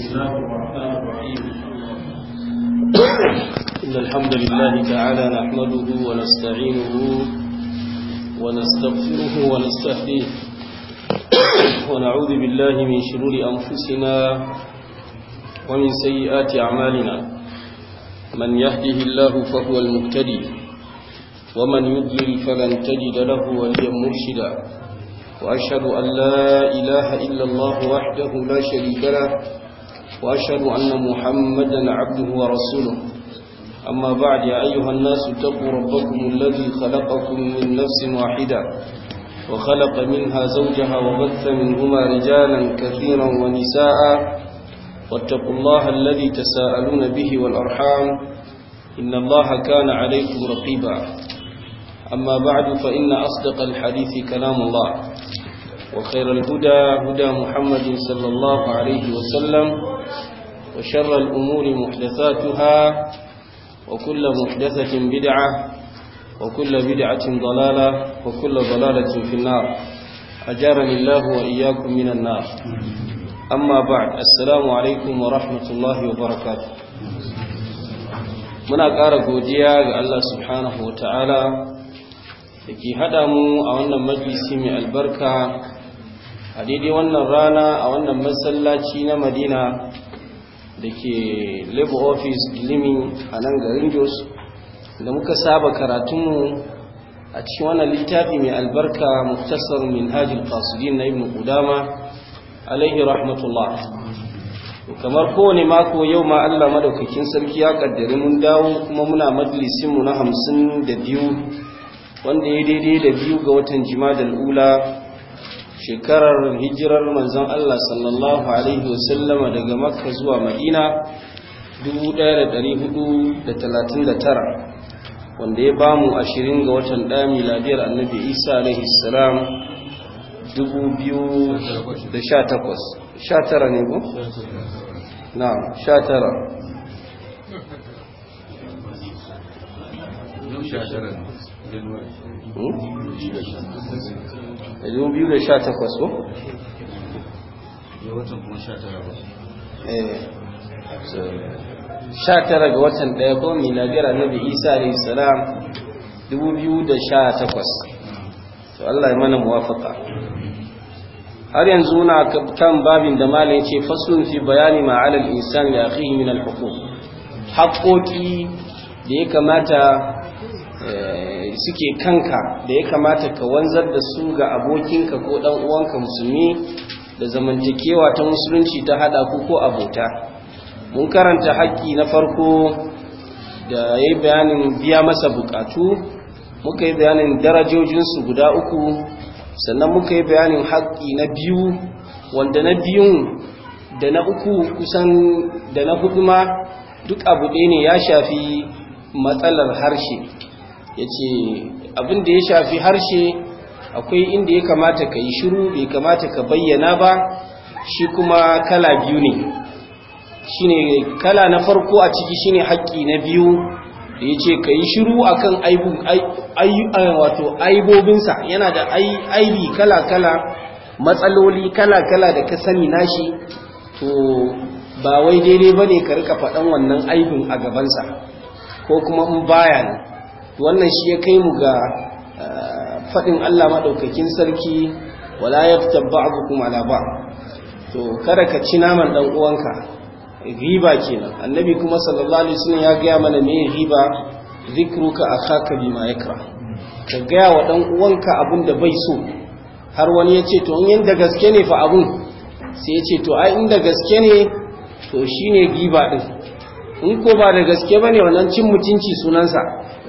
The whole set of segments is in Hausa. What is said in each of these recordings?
بسم الله الرحمن الرحيم إن الحمد لله تعالى نحمده ونستعينه ونستغفره ونستهديه ونعوذ بالله من شرور أنفسنا ومن سيئات أعمالنا من يهده الله فهو المهتدي ومن يضلل فلن تجد له وليا مرشدا وأشهد أن لا إله إلا الله وحده لا شريك له وأشهد أن محمدا عبده ورسوله أما بعد يا أيها الناس اتقوا ربكم الذي خلقكم من نفس واحدة وخلق منها زوجها وبث منهما رجالا كثيرا ونساء واتقوا الله الذي تساءلون به والأرحام إن الله كان عليكم رقيبا أما بعد فإن أصدق الحديث كلام الله وخير الهدى هدى محمد صلى الله عليه وسلم وشر الأمور محدثاتها وكل محدثة بدعة وكل بدعة ضلالة وكل ضلالة في النار أجارني الله وإياكم من النار أما بعد السلام عليكم ورحمة الله وبركاته muna ƙara godiya ga Allah subhanahu wa ta'ala da ke haɗa mu a wannan majalisi mai albarka a daidai wannan rana a wannan masallaci na madina da ke labor office gilimin a nan garin jos da muka saba karatunmu a cikin wannan littafi mai albarka muktasar min hajjil kasudin na ibn kudama alaihi rahmatullah kamar kowane mako yau ma allah madaukakin sarki ya kaddari mun dawo kuma muna majalisinmu na hamsin da biyu wanda ya daidai da biyu ga watan da ula shekarar hijirar manzon Allah sallallahu alaihi wasallama daga makka zuwa madina 1439 wanda ya bamu ashirin ga watan ɗaya miladiyar annabi isa alaihi salam 2018 sha tara ne bu? na sha tara sha tara 2018 ko? Eh, sha tara ga watan ɗaya ko miladiyar annabi isa alayhi salam 2018 to Allah ya mana muwafaka har yanzu na kan babin da malam yace faslun fi bayani ma alal insan li akhihi min al haƙoƙi da ya kamata eh, suke kanka da ya kamata ka wanzar da su ga abokinka ko ɗan uwanka musulmi da zamantakewa ta musulunci ta haɗa ku ko abota mun karanta haƙƙi na farko da ya yi bayanin biya masa buƙatu muka yi bayanin darajojinsu guda uku sannan muka yi bayanin haƙƙi na biyu wanda na biyun da na uku kusan da na hudu ma duk abu ɗaya ne ya shafi matsalar harshe ya ce abin da ya shafi harshe akwai inda ya kamata ka yi shiru bai kamata ka bayyana ba shi kuma kala biyu ne ne kala na farko a ciki shine haƙƙi na biyu da ya ce ka yi shiru a kan aibobinsa yana da aibi kala-kala matsaloli kala-kala da ka sani nashi to ba wai daidai ba ne ka rika faɗan wannan aibin a gabansa ko kuma in baya ne wannan shi ya kai mu ga eh, faɗin Allah maɗaukakin sarki wala ya tabba ba'dukum ala ba to kada ka ci naman dan uwanka riba kenan annabi kuma sallallahu alaihi wasallam ya gaya mana me riba zikruka akhaka bima yakra ka gaya wa dan uwanka abin da bai so har wani yace to in yanda gaske ne fa abun sai yace to ai inda gaske ne to shine riba din in ko ba da gaske ba ne wannan cin mutunci sunansa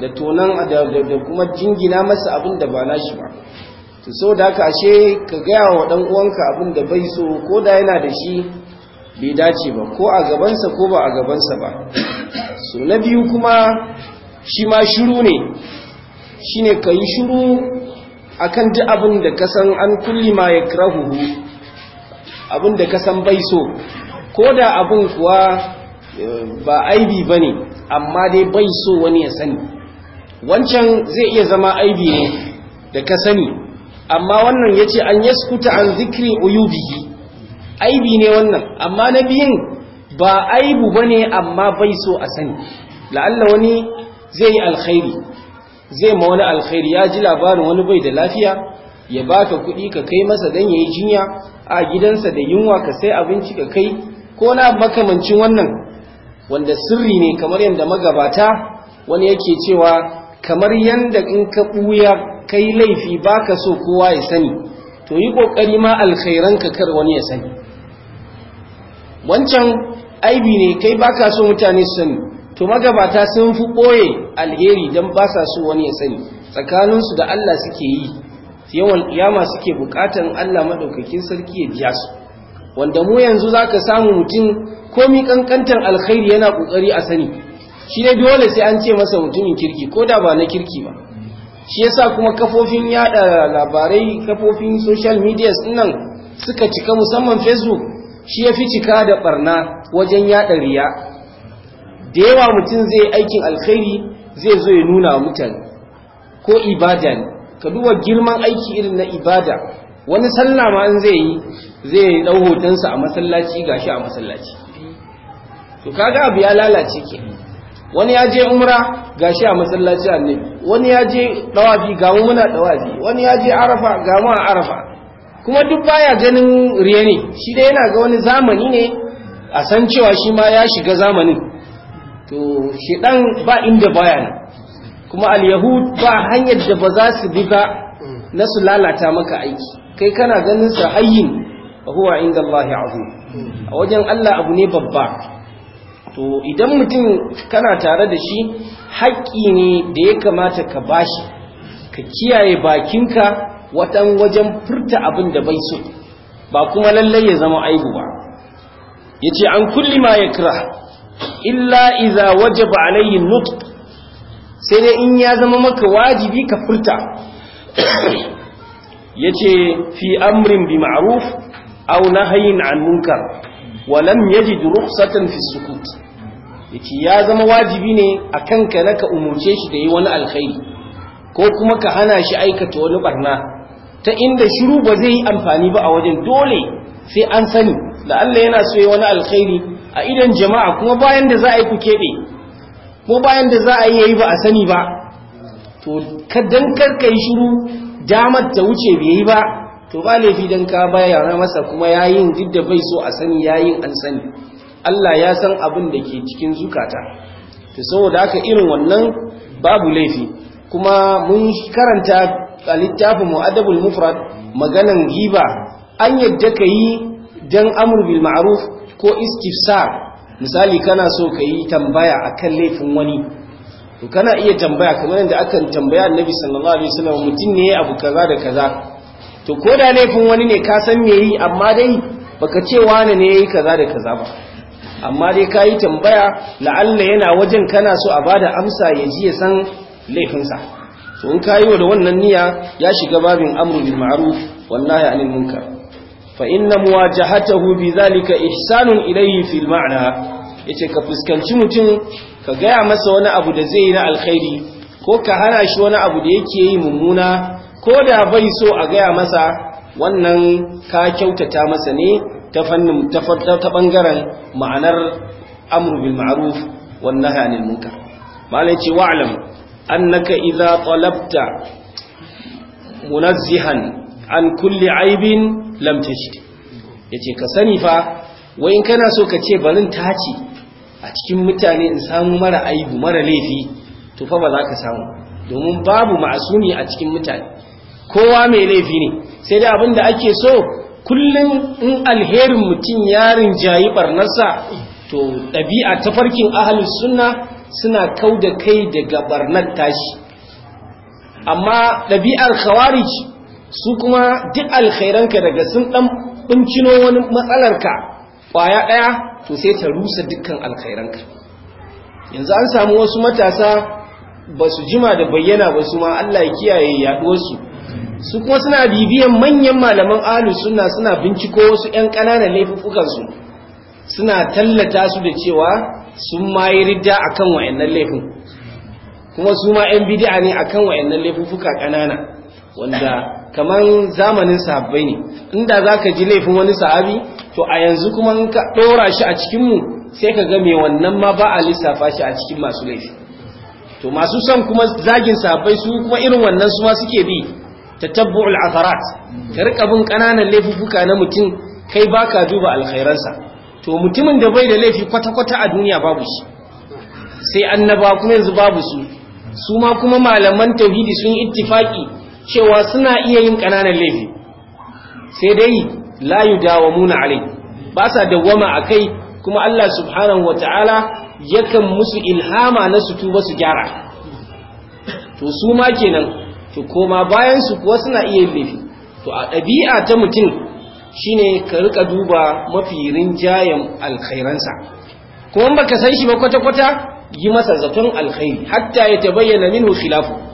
da tonan da kuma jingina masa abin da ba na shi ba to so da haka ashe ka gaya wa ɗan uwanka abin da bai so ko da yana da shi bai dace ba ko a gabansa ko ba a gabansa ba so na biyu kuma shi ma shiru ne shine ne ka yi shiru akan duk abin da ka san an kulli ma ya abin da ka san bai so ko da abin kuwa ba aibi ba ne amma dai bai so wani ya sani wancan zai iya zama aibi ne da ka sani amma wannan ya ce an skuta an zikri uyubi aibi ne wannan amma na biyun ba aibu ba ne amma bai so a sani la'alla wani zai yi alkhairi zai ma wani alkhairi ya ji labarin wani bai da lafiya ya ba ka kuɗi ka kai masa don ya yi jinya a gidansa da yunwa ka sai abinci ka kai ko na makamancin wannan wanda sirri ne kamar yadda magabata wani yake cewa kamar yadda in ka ɓuya kai laifi ba ka so kowa ya sani to yi ƙoƙari ma alkhairanka kar wani ya sani wancan aibi ne kai baka so mutane su sani to magabata sun fi ɓoye alheri don ba sa so wani ya sani tsakaninsu da Allah suke yi yawan iyama suke bukatan Allah maɗaukakin sarki ya biya su wanda mu yanzu za ka samu mutum komi kankantar alkhairi yana kokari a sani shi ne dole sai an ce masa mutumin kirki ko da ba na kirki ba shi yasa kuma kafofin yada labarai kafofin social media nan suka cika musamman facebook shi ya fi cika da barna wajen yada riya da yawa mutum zai aikin alkhairi zai zo ya nuna mutane ko ibada ne ka duba girman aiki irin na ibada wani sallah ma in zai yi zai dau hotonsa a masallaci gashi a masallaci to kaga abu ya lalace ke wani ya je umra gashi a masallaci annabi wani ya je dawafi ga mu muna dawafi wani ya je arafa ga mu a arafa kuma duk baya ganin riya ne shi dai yana ga wani zamani ne a san cewa shi ma ya shiga zamanin to shedan ba inda baya ne. kuma al-yahud ba hanyar da ba za su bi ba na su lalata maka aiki kai kana ganin sa hayyin huwa inda Allah azim a wajen Allah abu ne babba to idan mutum kana tare da shi haƙƙi ne da ya kamata ka bashi ka kiyaye bakinka watan wajen furta abin da bai so ba kuma lallai ya zama aibu ba yace an kulli ma yakra illa idza wajaba alayhi nutq sai dai in ya zama maka wajibi ka furta yace fi amrin bi ma'ruf aw nahyin an munkar wa lam yajid rukhsatan fi sukut yace ya zama wajibi ne a akan ka naka umurce shi da yi wani alkhairi ko kuma ka hana shi aikata wani barna ta inda shiru ba zai yi amfani ba a wajen dole sai an sani da Allah yana so yi wani alkhairi a idan jama'a kuma bayan da za a yi ku keɓe ko bayan da za a yi ba a sani ba to ka dan ka yi shiru damar ta wuce bai yi ba to ba laifi don ka bayyana masa kuma yayin duk da bai so a sani yayin an sani Allah ya san abin da ke cikin zukata to saboda haka irin wannan babu laifi kuma mun karanta a littafin mu'adabul mufrad maganan giba an yadda ka yi don amur bil ma'ruf ko istifsar misali kana so ka yi tambaya akan laifin wani to kana iya tambaya kamar yadda akan tambaya annabi sallallahu alaihi wasallam mutum ne abu kaza da kaza to ko da laifin wani ne ka san me yi amma dai baka ce wani ne yayi kaza da kaza ba amma dai ka yi tambaya la'alla yana wajen kana so a ba da amsa ya ji ya san laifinsa to in ka yi wa da wannan niyya ya shiga babin amru bil wallahi anil munkar fa inna muwajahatahu bi zalika ihsanun ilayhi fil ma'na yace ka fuskanci mutum ka gaya masa wani abu da zai yi na alkhairi ko ka hana shi wani abu da yake yi mummuna ko da bai so a gaya masa wannan ka kyautata masa ne ta fannin ta bangaren ma'anar amru bil ma'ruf wan nahy anil munkar malai ce wa'lam annaka idza talabta munazzihan an kulli aibin lam tajid yace ka sani fa wai in kana so ka ce barin taci a cikin mutane in samu mara aibu mara laifi to fa ba za ka samu domin babu ma'asumi a cikin mutane kowa mai laifi ne sai dai abin da ake so kullum in alherin mutum yarin jayi barnarsa to ɗabi'a ta farkin ahalus suna, suna kau da kai daga barnar tashi amma ɗabi'ar khawarij su kuma duk alkhairanka daga sun ɗan ɓuncino wani matsalarka ƙwaya ɗaya to sai ta rusa dukkan alkhairanka yanzu an samu wasu matasa ba su jima da bayyana ba su ma Allah ya kiyaye yaduwarsu su kuma suna bibiyan manyan malaman alu suna suna binciko wasu 'yan ƙananan laifukansu suna tallata su da cewa sun ma ridda a kan laifin kuma su ma 'yan bidi'a ne akan wayannan wa'annan laifuka ƙanana wanda kamar zamanin sahabbai ne inda za ka ji laifin wani sahabi to a yanzu kuma ka ɗora shi a cikinmu sai ka ga me wannan ma ba a lissafa shi a cikin masu laifi to masu son kuma zagin sahabbai su kuma irin wannan su ma suke bi ta tatabbu'ul atharat ka rika bin kananan laifuka na mutum kai baka duba alkhairansa to mutumin da bai da laifi kwata-kwata a duniya babu shi sai annaba kuma yanzu babu su su ma kuma malaman tauhidi sun ittifaki cewa suna iya yin ƙananan laifi sai dai layu dawa muna alai ba sa a kai kuma Allah subhanahu Ta'ala yakan musu ilhama na su tuba su gyara to su ma kenan to koma bayan su kuwa suna iya yin laifi to a ɗabi'a ta mutum shine ka rika duba mafi rinjayen alkhairansa kuma baka san shi ba kwata-kwata yi masa zaton alkhairi hatta ya tabayyana minhu khilafu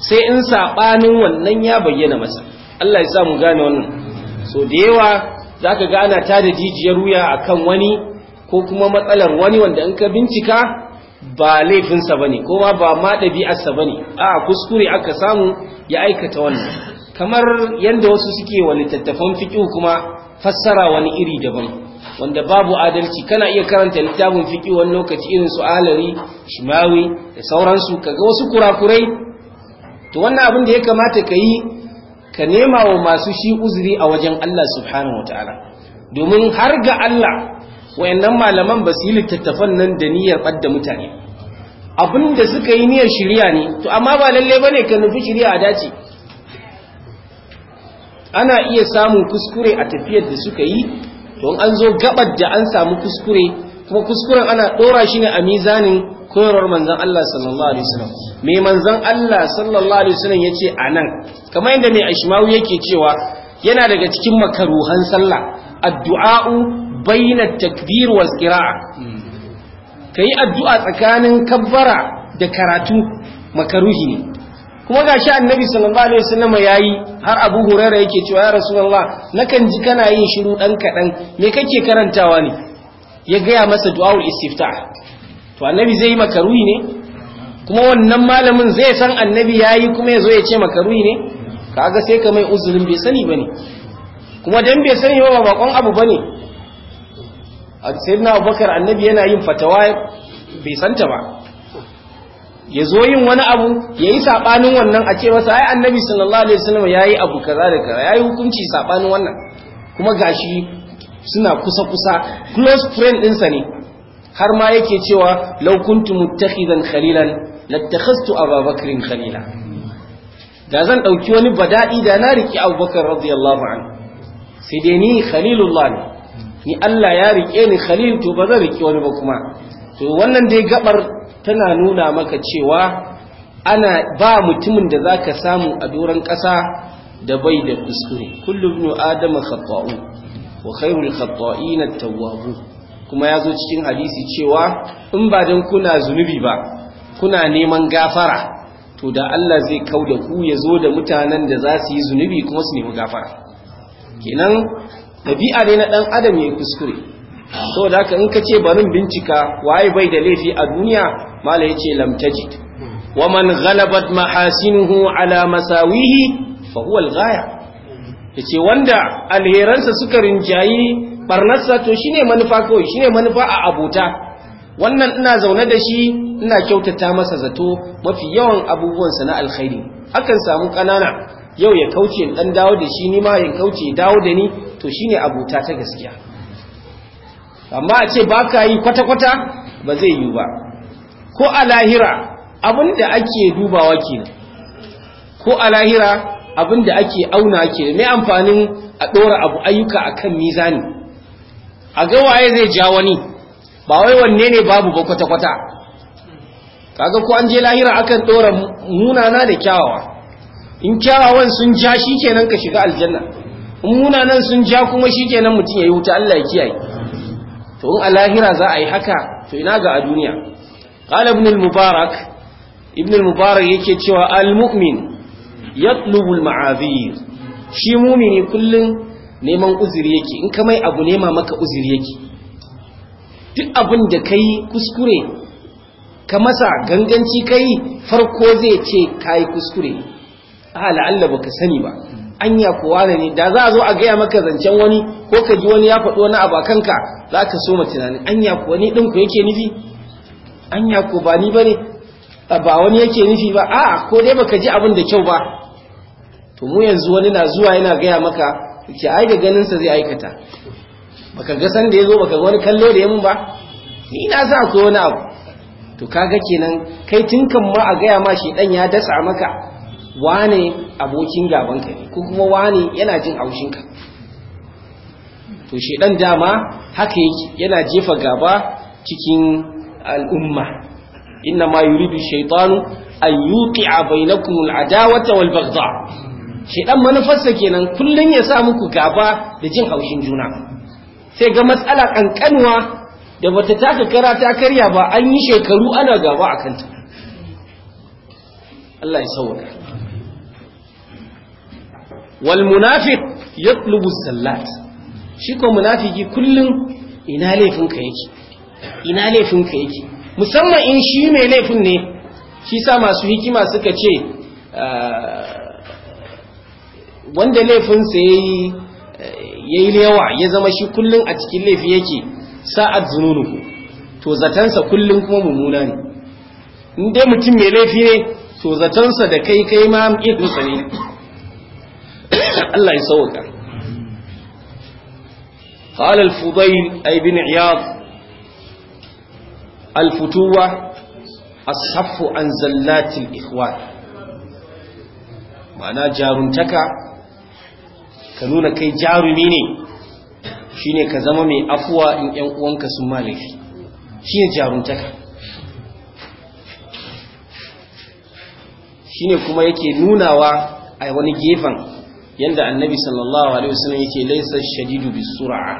sai in saɓanin wannan ya bayyana masa Allah ya sa mu gane wannan so da yawa za ka gana ta da jijiyar wuya a kan wani ko kuma matsalar wani wanda in ka bincika ba laifinsa ba ne ma ba ma ɗabi'arsa ba ne a kuskure aka samu ya aikata wannan kamar yadda wasu suke wa littattafan fiƙi kuma fassara wani iri daban wanda babu adalci kana iya karanta littafin fiƙi wani lokaci irin su alari shimawi da sauransu kaga wasu kurakurai to wannan abin da ya kamata ka yi ka nema wa masu shi uzuri a wajen Allah subhanahu wa ta'ala domin har ga Allah wayannan malaman ba su yi littattafan nan da niyyar ɓadda mutane abin da suka yi niyyar shirya ne to amma ba lalle ba ne ka nufi shirya a dace ana iya samun kuskure a tafiyar da suka yi don an zo gabar da an samu kuskure kuma kuskuren ana ɗora shi ne a mizanin koyarwar manzon Allah sallallahu alaihi wasallam me manzon Allah sallallahu alaihi wasallam yace anan kamar yadda mai ashmawi yake cewa yana daga cikin makaruhan sallah addu'a'u baina takbir wal qira'a kai addu'a tsakanin kabbara da karatu makaruhi ne kuma ga gashi annabi sallallahu alaihi wasallam yayi har abu huraira yake cewa ya rasulullah nakan ji kana yin shiru dan kadan me kake karantawa ne ya gaya masa du'aul istiftah to annabi zai yi makaruyi ne kuma wannan malamin zai san annabi ya yi kuma yazo ya ce makaruyi ne kaga sai ka mai uzurin bai sani ba ne kuma dan bai sani ba bakon abu ba ne. bane sayyidina Abubakar annabi yana yin fatawa bai santa ba ya zo yin wani abu ya yi saɓanin wannan a ce masa ai annabi sallallahu alaihi wasallam ya yi abu kaza da kaza ya yi hukunci saɓanin wannan kuma gashi suna kusa-kusa close friend ɗinsa ne har ma yake cewa laukuntu kuntu muttakhidan khalilan lattakhastu ababakrin khalila da zan dauki wani bada'i da na riki abubakar radiyallahu an? sai dai ni khalilullah ne ni Allah ya rike ni khalil to ba zan riki wani ba kuma to wannan dai gabar tana nuna maka cewa ana ba mutumin da zaka samu a doran ƙasa da bai da kuskure kullu ibn adam khata'u wa khairul khata'ina at-tawwabun kuma ya zo cikin hadisi cewa in ba don kuna zunubi ba kuna neman gafara to da Allah zai kau da ku ya zo da mutanen da za su yi zunubi kuma su nemi gafara kenan ɗabi'a ne na ɗan adam ya kuskure so da haka in ka ce barin bincika waye bai da laifi a duniya mala ya ce lamtaji. wa man ghalabat mahasinuhu ala masawihi fa huwa al-ghaya yace wanda alheransa suka rinjayi barnarsa to shine manufa kawai shine manufa a abota wannan ina zaune da shi ina kyautata masa zato mafi yawan abubuwansa na alkhairi akan samu ƙanana yau ya kauce dan dawo da shi nima ya kauce dawo da ni to shine abota ta gaskiya amma a ce ba ka yi kwata-kwata ba zai yi ba ko a lahira abin da ake dubawa kenan ko a lahira abin da ake auna ke mai amfanin a ɗora abu ayyuka a kan mizani a ga waye zai ja wani ba wai wanne ne babu ba kwata-kwata kaga ko an je lahira akan dora munana da kyawawa in kyawawan sun ja shikenan ka shiga aljanna in munanan sun ja kuma shikenan mutum yi wuta Allah ya kiyaye to in a lahira za a yi haka to ina ga a duniya qala ibn al-mubarak ibn al-mubarak yake cewa al-mu'min yatlubu al-ma'azir shi mumini kullun neman uzuri yake in ka mai abu nema maka uzuri yake duk abin da ka yi kuskure ka masa ganganci ka yi farko zai ce ka yi kuskure a la'alla ba ka sani ba anya kowa ne da za a zo a gaya maka zancen wani ko ka ji wani ya faɗo wani abu a kanka za ka so tunanin anya ne ɗin ku yake nufi anya ko ba ni ba ne ba wani yake nufi ba a ko dai baka ji abin da kyau ba to mu yanzu wani na zuwa yana gaya maka ke ai da ganin sa zai aikata baka ga san da yazo baka ga wani kallo da yamin ba ni na sa akwai wani abu to kaga kenan kai tinkan ma a gaya ma shi dan ya dasa maka wane abokin gaban ka ne ko kuma wane yana jin haushin ka to shi dan dama haka yake yana jefa gaba cikin al'umma inna ma yuridu shaytanu an yuqi'a bainakum al'adawata wal baghdha shedan manufarsa kenan kullun ya sa muku gaba da jin haushin juna sai ga matsala kankanuwa da bata taka kara ta karya ba an yi shekaru ana gaba a kanta Allah ya sauwara wal munafiq yatlubu sallat shi ko munafiki kullun ina laifinka yake ina ka yake musamman in shi mai laifin ne shi sa masu hikima suka ce ah, wanda laifinsa yayi yayi yawa ya zama shi kullum a cikin laifi yake sa'ad zununuhu to zatansa kullun kuma mummuna ne in dai mutum mai laifi ne to zatansa da kai kai ma ikonsa ne Allah ya sauka قال الفضيل أي بن عياض الفتوة an عن زلات الإخوان mana jaruntaka ka nuna kai jarumi ne ne ka zama mai afuwa in yan uwanka sun malafi shine jaruntaka ne kuma yake nunawa a wani gefen yadda annabi sallallahu alaihi wasallam yake laysa shadidu sura'a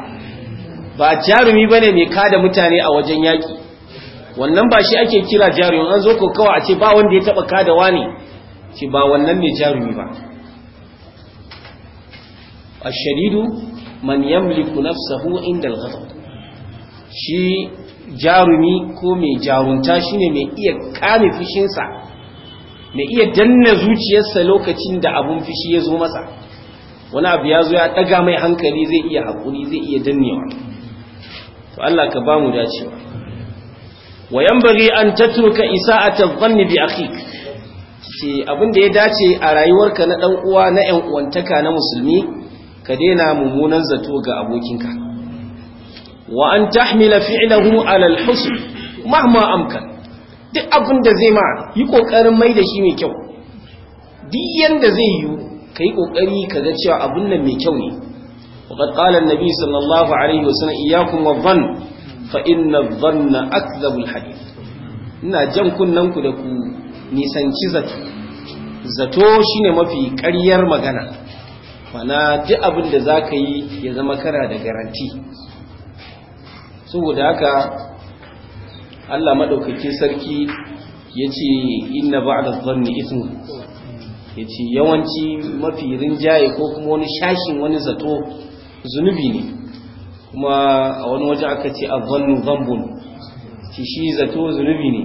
ba jarumi ba ne mai kada mutane a wajen yaki wannan ba shi ake kira jarumi an zo ko kawai a ce ba wanda ya taba kada ne, ce ba wannan ne jarumi ba ashadidu man yamliku nafsahu inda ghadab shi jarumi ko mai jarunta shine mai iya kame fishinsa mai iya danna zuciyarsa lokacin da abun fushi ya zo masa wani abu ya zo ya daga mai hankali zai iya hakuri zai iya dannewa to Allah ka bamu dacewa wa yanbaghi an tatruka isa'ata adh bi akhik ce abin da ya dace a rayuwarka na dan uwa na yan uwantaka na musulmi ka daina mummunan zato ga abokinka wa an tahmila fi'lahu ala al-husn mahma amkan duk abin da zai ma yi kokarin mai da shi mai kyau duk yanda zai yi kai kokari kaga cewa abun nan mai kyau ne وقد قال النبي صلى الله عليه وسلم إياكم والظن فإن الظن أكذب الحديث ina jan kunnanku da ku nisanci zato zato shine mafi ƙaryar magana Wana ji abin da za ka yi ya zama kara da garanti saboda haka allah maɗaukaki sarki ya ce inna ba da zanni ismu ya ce yawanci mafi rinjaye ko kuma wani shashin wani zato zunubi ne kuma a wani waje aka ce a zannu zambun ci shi zato zunubi ne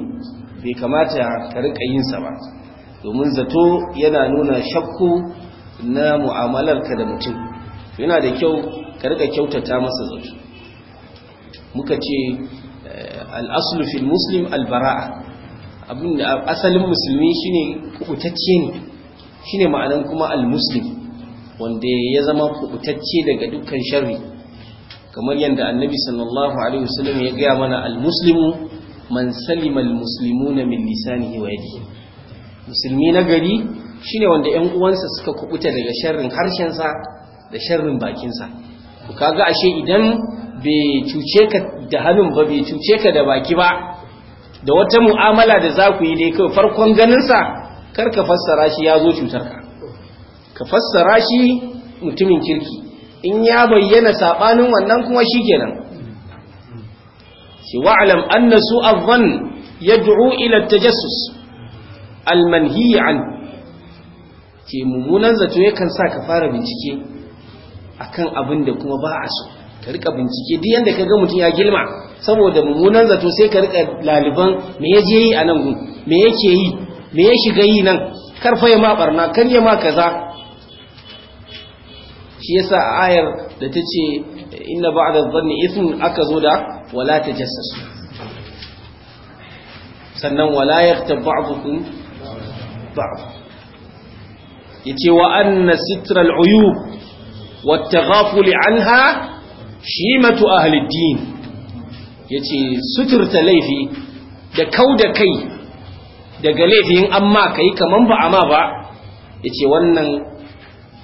bai kamata ka rika yinsa ba domin zato yana nuna shakku na mu'amalar ka da mutum yana da kyau ka riga kyautata masa zato muka ce eh, al'aslu fil muslim albara'a abin da asalin musulmi shine kubutacce ne shine ma'anan kuma al-muslim wanda ya zama kubutacce daga dukkan sharri kamar yadda annabi sallallahu alaihi wasallam ya gaya mana al-muslimu man salima al-muslimuna min lisanihi wa yadihi musulmi na gari shine wanda 'yan uwansa suka kubuta daga sharrin harshensa da sharrin bakinsa ka kaga ashe idan bai cuce ka da hannun ba bai cuce ka da baki ba da wata mu'amala da za ku yi dai kawai farkon ganinsa kar ka fassara shi ya zo cutar ka ka fassara shi mutumin kirki in ya bayyana saɓanin wannan kuma shi kenan shi wa'alam anna ya yad'u ila tajassus al ce mummunan zato yakan sa ka fara bincike kan abin da kuma ba a so ka rika bincike duk yanda ga mutum ya gilma saboda mummunan zato sai ka rika laliban me ya je yi a nan me yake yi me ya shiga yi nan karfa ya ma barna kar ya ma kaza shi yasa ayar da ta ce inna ba'da dhanni ithmun aka zo da wala tajassasu sannan wala yaktab ba'dukum ba'd yace wa anna sitra al-uyub wa taghaful anha shimatu ahli din yace suturta laifi da kauda kai daga laifin amma kai kaman ba amma ba yace wannan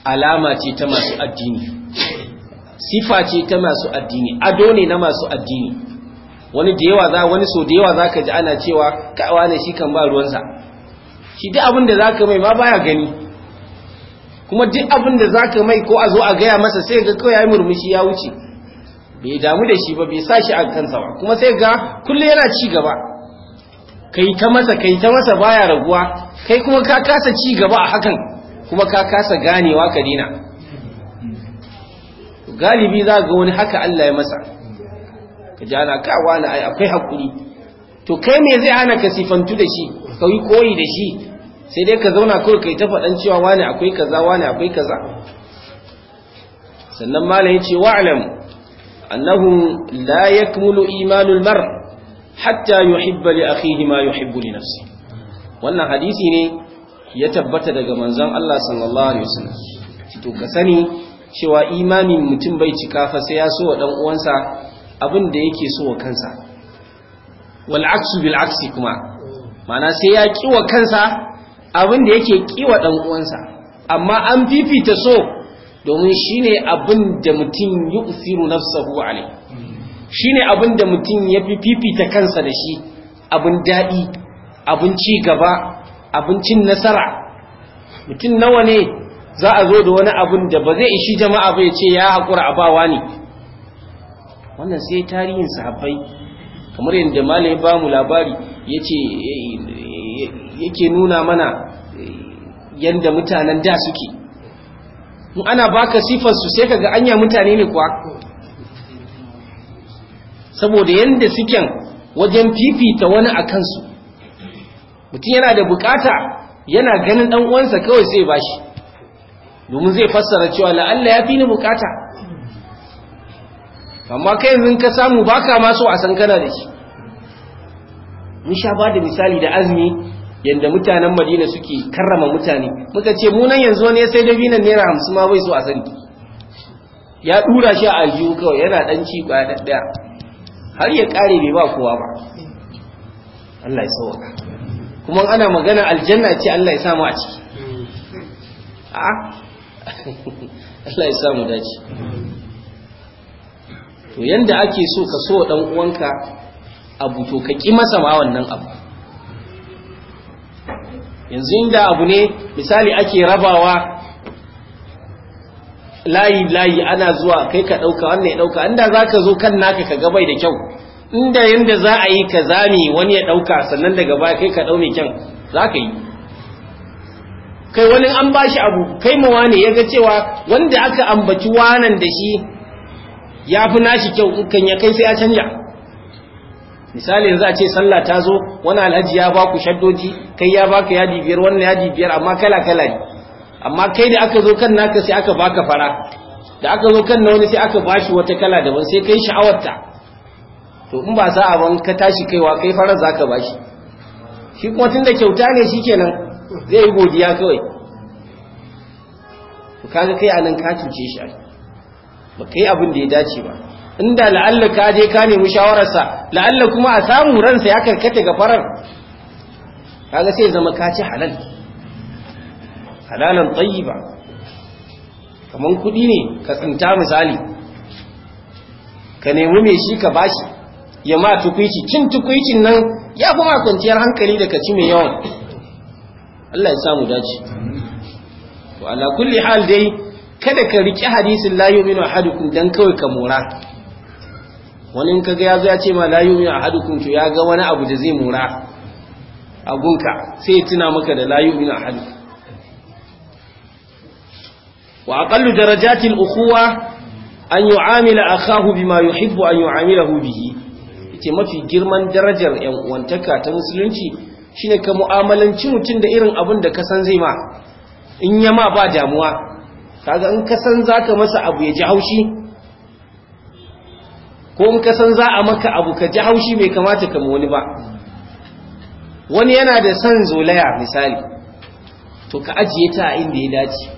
alama ce ta masu addini sifa ce ta masu addini ado ne na masu addini wani da yawa za wani so da yawa zaka ji ana cewa ka'awa ne shi kan ba ruwansa shi duk abin da zaka mai ma baya gani kuma duk abin da za ka mai ko a zo a gaya masa sai ga kawai ya yi murmushi ya wuce bai damu da shi ba bai sa shi a kansa ba kuma sai ga kullum yana ci gaba kai ta masa kai ta masa baya raguwa kai kuma ka kasa ci gaba a hakan kuma ka kasa ganewa ka dina galibi za ga wani haka Allah ya masa ka ji ana na akwai hakuri to kai me zai hana ka sifantu da shi ka koyi da shi sai dai ka zauna kawai kai ta faɗan cewa wani akwai kaza wani akwai kaza sannan malam yace wa'lam annahu la yakmulu imanul mar hatta yuhibba li akhihi ma yuhibbu li nafsi wannan hadisi ne ya tabbata daga manzon Allah sallallahu alaihi wasallam to ka sani cewa imanin mutum bai cika fa sai ya so wa dan uwansa abin da yake so wa kansa wal aksu bil aksi kuma Mana sai ya ki wa kansa abin da yake kiwa dan uwansa amma an fifita so domin shine abin da mutum yusiru nafsahu alai shine abin da mutum ya fifita kansa da shi abin dadi abin ci gaba abincin nasara mutum nawa ne za a zo da wani abin da ba zai ishi jama'a ba ya ce ya haƙura a bawa ne wannan sai tarihin sahabbai kamar yadda malai ba mu labari ya ce yake nuna mana eh, yadda mutanen da suke ana baka sifarsu sai kaga anya mutane ne kuwa saboda yadda suke wajen fifita wani a kansu mutum yana da bukata yana ganin dan uwansa kawai sai bashi domin zai fassara cewa Allah ya fi ni bukata amma kai yanzu ka samu baka ma so a san kana da shi mun sha ba da misali da azumi yanda mutanen madina suke karrama mutane muka ce munan yanzu wani ya sai binan naira hamsin ma bai so a sani ya dura shi a aljihu kawai yana dan ci ba daddaya har ya kare bai ba kowa ba Allah ya sauka kuma ana magana aljanna ce Allah ya samu a ciki a Allah ya samu dace to yanda ake so ka so dan uwanka abu to ka ki masa ma wannan abu yanzu inda abu ne misali ake rabawa layi layi ana zuwa kai ka ɗauka wannan ya ɗauka inda za ka zo kan naka ka gabai da kyau inda yanda za a yi ka zami wani ya ɗauka sannan daga baya kai ka ɗaune kyan za ka yi kai wani an ba shi abu kai mawa ne ya ga cewa wanda aka ambaci wanan da shi ya fi nashi kyau kan ya kai sai ya canja misali yanzu a ce sallah ta zo wani alhaji ya baku shaddoji kai ya baka yadi biyar wannan yadi biyar amma kala kala ne amma kai da aka zo kan naka sai aka baka fara da aka zo kan na wani sai aka bashi wata kala daban sai kai sha'awarta to in ba sa'a ban ka tashi kaiwa kai farar zaka bashi shi kuma tunda kyauta ne shi shikenan zai yi godiya kawai to kaga kai anan ka cuce shi ba kai abin da ya dace ba inda la'alla ka je ka nemi shawararsa la'alla kuma a samu ransa ya karkata ga farar kaga sai zama ka ci halal halalan tayyiba kaman kudi ne ka tsinta misali ka nemi mai shi ka bashi ya ma tukwici cin tukwicin nan ya fi ma kwanciyar hankali da ka ci mai yawan Allah ya samu dace to ala kulli hal dai kada ka riƙe hadisin la yu'minu ahadukum dan kawai ka mora wani kaga ya zo ya ce ma la a hadukun to ya ga wani abu da zai mura a gunka sai ya tuna maka da la a hadu wa aqallu darajati al-ukhuwa an yu'amila akahu bima yuhibbu an yu'amilahu bihi yace mafi girman darajar yan uwantaka ta musulunci shine ka mu'amalanci mutum da irin abin da ka san zai ma in ya ma ba damuwa kaga in ka san zaka masa abu ya ji haushi ko in ka san za a maka abu ka ji haushi bai kamata ka wani ba wani yana da san zolaya misali to ka ajiye ta a inda ya dace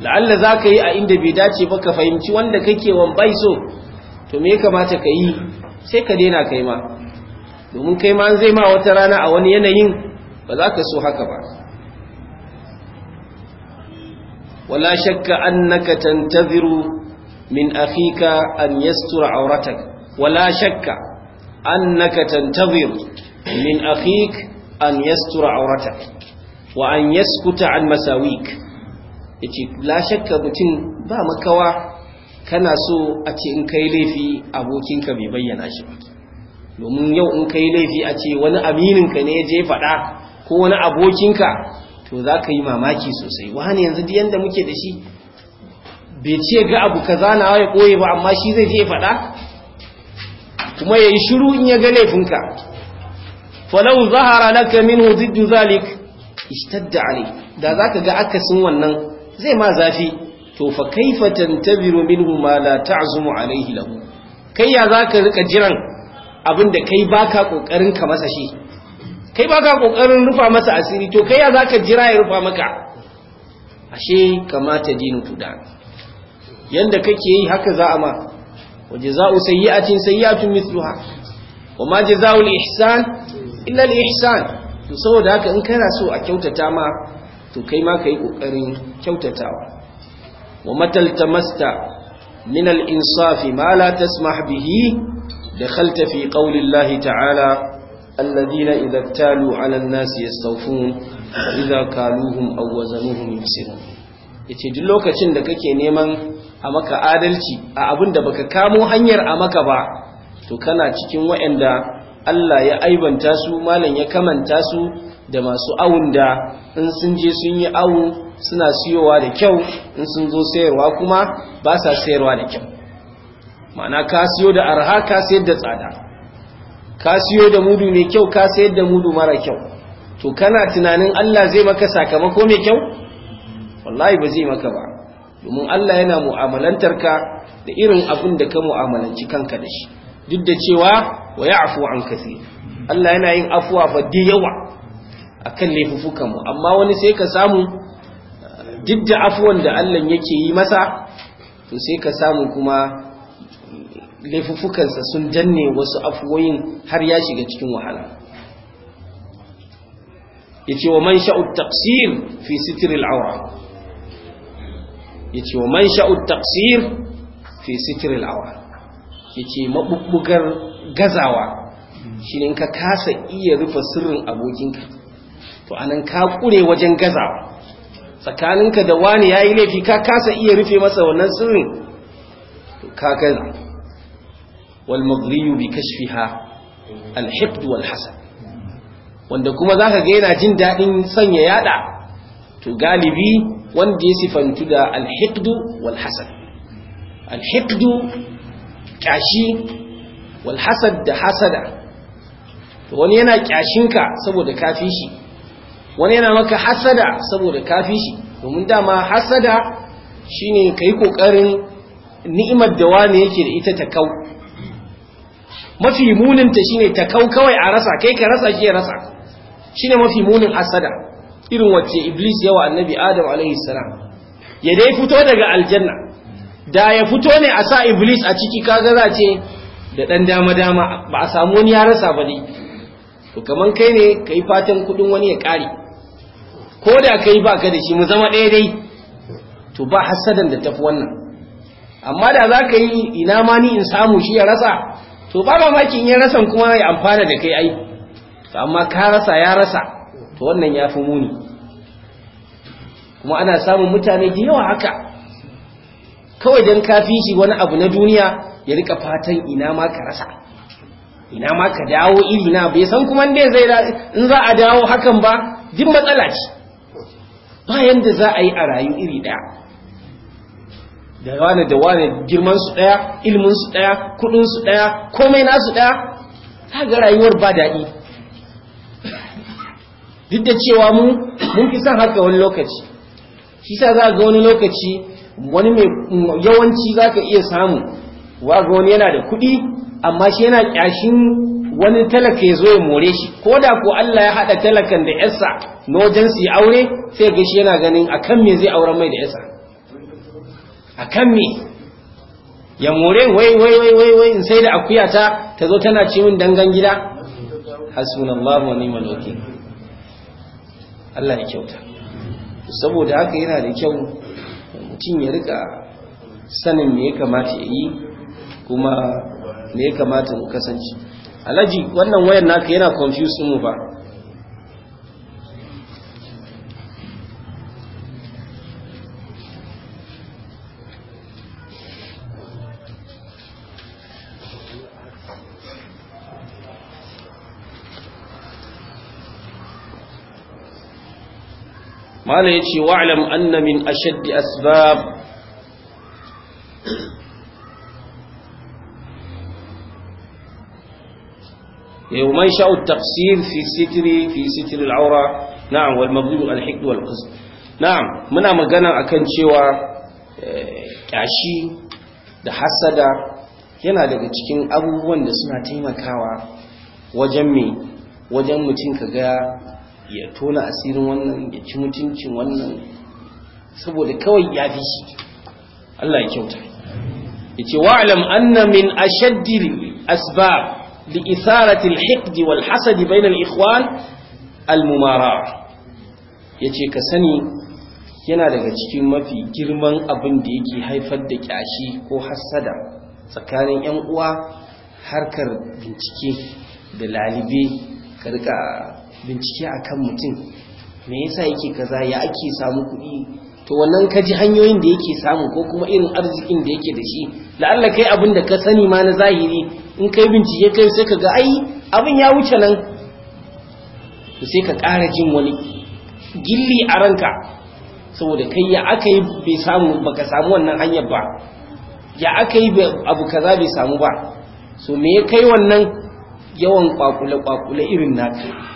la'alla za ka yi a inda bai dace ba ka fahimci wanda kake wan bai so to me ya kamata ka yi sai ka daina kai ma domin kai ma zai ma wata rana a wani yanayin ba za ka so haka ba wala shakka annaka tantaziru min akhika an yastura auratak wala shakka annaka tantazir min akhik an yastura auratak wa an yaskuta an masawik yace la shakka mutum ba makawa kana so a ce in kai laifi abokinka bai bayyana shi ba domin yau in kai laifi a ce wani amininka ne ya je faɗa ko wani abokinka to za ka yi mamaki sosai wani yanzu duk yanda muke da shi bai ce ga abu zana wa ya koye ba amma shi zai je faɗa kuma ya yi shiru in ya ga laifinka falau zahara na minhu ziddu zalik ishtadda alai da za ka ga akasin wannan zai ma zafi to fa kaifa tantaziru minhu ma la ta'zumu alaihi lahu kai ya zaka rika jiran abinda kai baka kokarin ka masa shi kai baka kokarin rufa masa asiri to kai ya zaka jira ya rufa maka ashe kamata dinu tudan yanda kake yi haka za a ma wa jaza'u sayyi'atin sayyi'atun mithluha wa ma jaza'u al-ihsan illa al-ihsan to saboda haka in kana so a kyautata ma to kai ma kai kokarin kyautatawa wa matal tamasta min al-insafi ma la tasmah bihi dakhalta fi qawli Allah ta'ala الذين إذا اكتالوا على الناس يستوفون وإذا كالوهم أو وزنوهم يخسرون yace duk lokacin da kake neman a maka adalci a abin da baka kamo hanyar a maka ba to kana cikin waɗanda Allah ya aibanta su malam ya kamanta su da masu awun da in sun je sun yi awu suna siyowa da kyau in sun zo sayarwa kuma ba sa sayarwa da kyau ma'ana ka siyo da arha ka sayar da tsada ka siyo da mudu mai kyau ka sayar da mudu mara kyau to kana tunanin Allah zai maka sakamako mai kyau wallahi ba zai maka ba domin Allah yana mu'amalantar ka da irin abin da ka mu'amalanci kanka da shi duk da cewa wa afuwa an kasi Allah yana yin afuwa fa da yawa akan laifufukan mu amma wani sai ka samu duk da afuwan da Allah yake yi masa to sai ka samu kuma laifufukansa sun danne wasu afuwoyin har ya shiga cikin wahala yace wa man sha'u taqsir fi sitril awra yace wa man sha'u taqsir fi al awra yace mabubbugar gazawa shine in ka kasa iya rufe sirrin abokinka to anan ka kure wajen gazawa tsakaninka da wani yayi laifi ka kasa iya rufe masa wannan sirrin to ka gaza wal madliyu bi kashfiha al hiqd wal hasad wanda kuma zaka ga yana jin dadin sanya yada to galibi wanda ya sifantu da alhikdu walhasad alhikdu kyashi walhasad da hasada wani yana kyashinka saboda kafi shi wani yana maka hasada saboda kafi shi domin dama hasada shine kai kokarin ni'imar da wani yake da ita ta kau mafi munin ta shine ta kau kawai a rasa kai ka rasa shi ya rasa shine mafi munin hasada irin wacce iblis yawa annabi adam alaihi salam ya dai fito daga aljanna da ya fito ne a sa iblis a ciki kaga za ce da dan dama dama ba a samu wani ya rasa ba ne to kaman kai ne kai fatan kudin wani ya kare ko da kai ba ka da shi mu zama ɗaya dai to ba hasadan da tafi wannan amma da za ka yi ina ma ni in samu shi ya rasa to ba mamaki in ya rasa kuma ya amfana da kai ai amma ka rasa ya rasa to wannan ya fi muni kuma ana samun mutane da yawa haka kawai don kafi shi wani abu na duniya ya rika fatan ina ma ka rasa ina ma ka dawo iri na bai san kuma ne zai in za a dawo hakan ba jin matsala ce bayan da za a yi a rayu iri daya da wane da wane girman su daya ilmin su daya kudin su daya komai na nasu daya ga rayuwar ba daɗi duk da cewa mun fi son haka wani lokaci shi sa za ga wani lokaci wani mai yawanci za ka iya samu wa ga wani yana da kuɗi amma shi yana ƙyashin wani talaka ya zo ya more shi ko da ko Allah ya haɗa talakan da yasa na wajen su aure sai ga shi yana ganin akan me zai auren mai da A akan me ya more wai wai wai wai wai in sai da akuya ta ta zo tana ci min dangan gida hasbunallahu wa ni'mal wakeel Allah ya kyauta saboda haka yana da kyau mutum ya rika sanin me ya kamata ya yi kuma me ya kamata mu kasance alhaji wannan wayan naka yana confuse mu ba mana ya ce wa'alam anna min ashaddi asbab yau mai sha'ud taqsir fi sitri fi sitri al'aura na'am wal maghribu al hikdu wal qasd na'am muna magana a kan cewa kyashi eh, da hasada yana daga cikin abubuwan da suna taimakawa wajen me wajen mutum ka ga ya tona asirin wannan ya ci mutuncin wannan saboda kawai ya fi shi Allah ya kyauta ya ce wa'alam anna min ashaddil asbab li isarati al wal hasadi bainal al-ikhwan al-mumara yace ka sani yana daga cikin mafi girman abin da yake haifar da kyashi ko hasada tsakanin yan uwa harkar bincike da lalibe ka rika bincike a kan mutum me yasa yake kaza ya ake samu kuɗi to wannan ka ji hanyoyin da yake samu ko kuma irin arzikin da yake da shi la'alla kai abin da ka sani ma na zahiri in kai bincike kai sai ka ga ai abin ya wuce nan to sai ka ƙara jin wani gilli a ranka saboda kai ya aka yi bai samu baka samu wannan hanyar ba ya aka yi abu kaza bai samu ba so me ya kai wannan yawan kwakule-kwakule irin naka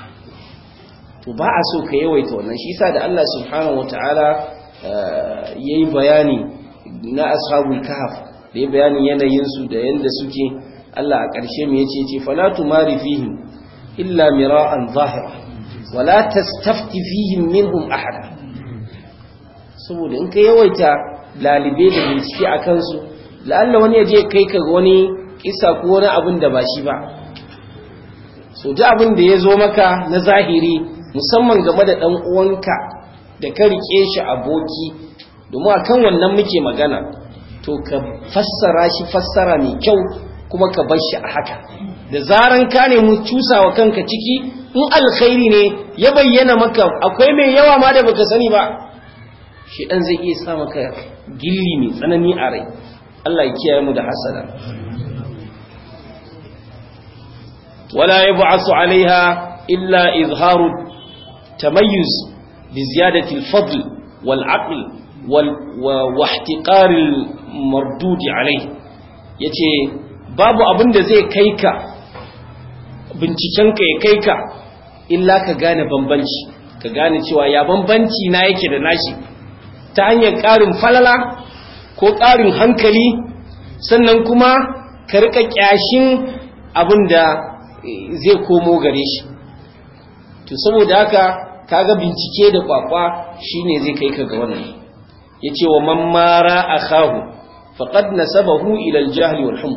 to ba a so ka yawaita wannan shi yasa da Allah subhanahu wataala eh, yi bayani na ashabul kahf da ya bayanin yanayin su da yanda suke Allah a ƙarshe mu yace ce fala tumari fihim illa mira'an zahira wala tastafti fihim minhum ahada saboda in ka yawaita lalibe da bincike a kansu la'alla wani ya je kai ka ga wani kisa ko wani abin da ba shi ba so da abin da ya zo maka na zahiri musamman game da ɗan uwanka da ka riƙe shi aboki domin a kan wannan muke magana to ka fassara shi fassara mai kyau kuma ka bar shi a haka da zaran ka nemi cusawa kanka ciki in alkhairi ne ya bayyana maka akwai mai yawa ma da baka sani ba shi dan zai iya sa maka gilli mai tsanani a rai Allah ya kiyaye mu da hasada wala yab'asu alaiha illa izharu tamayyuz bi ziyadati al-fadl wal aql wal wa ihtiqar al-mardud alayh yace babu abin da zai kai ka binciken ya kai ka illa ka gane bambanci ka gane cewa ya bambanci na yake da nashi ta hanyar ƙarin falala ko ƙarin hankali sannan kuma ka riƙa ƙyashin abin da zai komo gare shi to saboda haka kaga bincike da kwakwa shine zai kai ka ga wannan yace wa mammara mara akahu faqad nasabahu ila al-jahl wal hum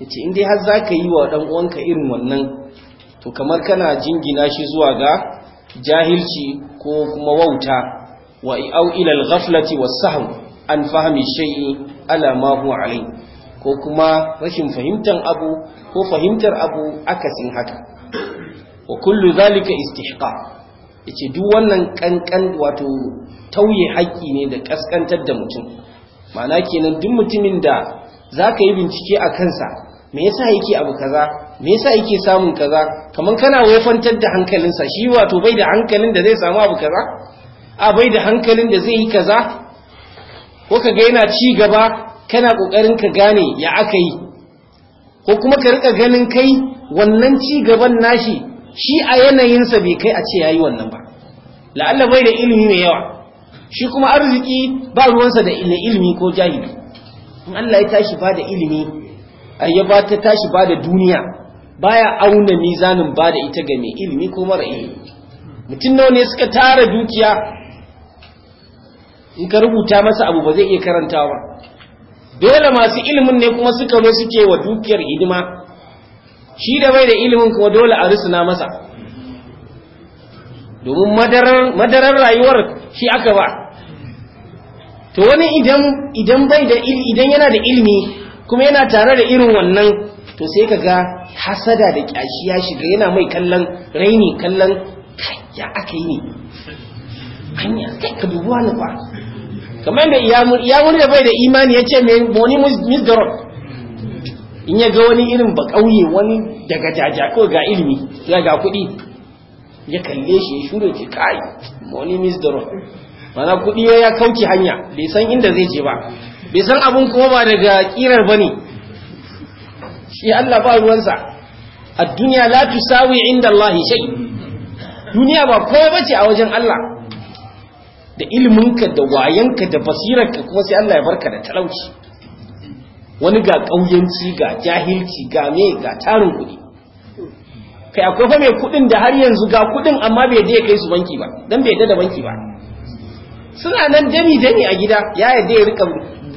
yace in dai har zaka yi wa dan uwanka irin wannan to kamar kana jingina shi zuwa ga jahilci ko kuma wauta wa au ila al-ghaflati was an fahmi shay'i ala ma huwa alai ko kuma rashin fahimtar abu ko fahimtar abu akasin haka wa kullu zalika istihqaq yace duk wannan kankan wato tauye haƙƙi ne da kaskantar da mutum ma'ana kenan duk mutumin da zaka yi bincike a kansa me yasa yake abu kaza me yasa yake samun kaza kaman kana wofantar da hankalinsa shi wato bai da hankalin da zai samu abu kaza a bai da hankalin da zai yi kaza ko ka ga yana ci gaba kana ƙoƙarin ka gane ya aka yi ko kuma ka riƙa ganin kai wannan ci gaban nashi shi a yanayinsa bai kai a ce ya yi wannan ba la'alla bai da ilimi mai yawa shi kuma arziki ba ruwansa da ilimi ko jahili in Allah ya tashi ba da ilimi ya ba ta tashi ba da duniya baya auna mizanin ba da ita ga mai ilimi ko mara ilimi mutum nawa ne suka tara dukiya in ka rubuta masa abu ba zai iya karantawa ba dole masu ilimin ne kuma suka zo suke wa dukiyar hidima shi da bai da ilimin kuma dole a risuna masa domin madarar rayuwar shi aka ba to wani idan bai da idan yana da ilimi kuma yana tare da irin wannan to sai ka ga hasada da kyashi ya shiga yana mai kallon raini kallon ya aka yi ne hanya kai ka dubuwa na ba kamar da iyamuri da bai da imani ya ce mai boni misdarot in ya ga wani irin ba ƙauye wani daga jaja ko ga ilimi ya ga kuɗi ya kalle shi ya shuru kai money miss the road mana kuɗi ya kauce hanya bai san inda zai je ba bai san abun kuma ba daga kirar bane ne shi Allah ba ruwansa a duniya la tusawi inda Allah shai duniya ba kowa bace a wajen Allah da iliminka da wayanka da basirarka kuma sai Allah ya barka da talauci wani ga ƙauyenci ga jahilci ga me ga tarin kuɗi kai akwai fa mai kuɗin da har yanzu ga kuɗin amma bai da kai su banki ba dan bai da banki ba suna nan dami dami a gida ya yadda ya rika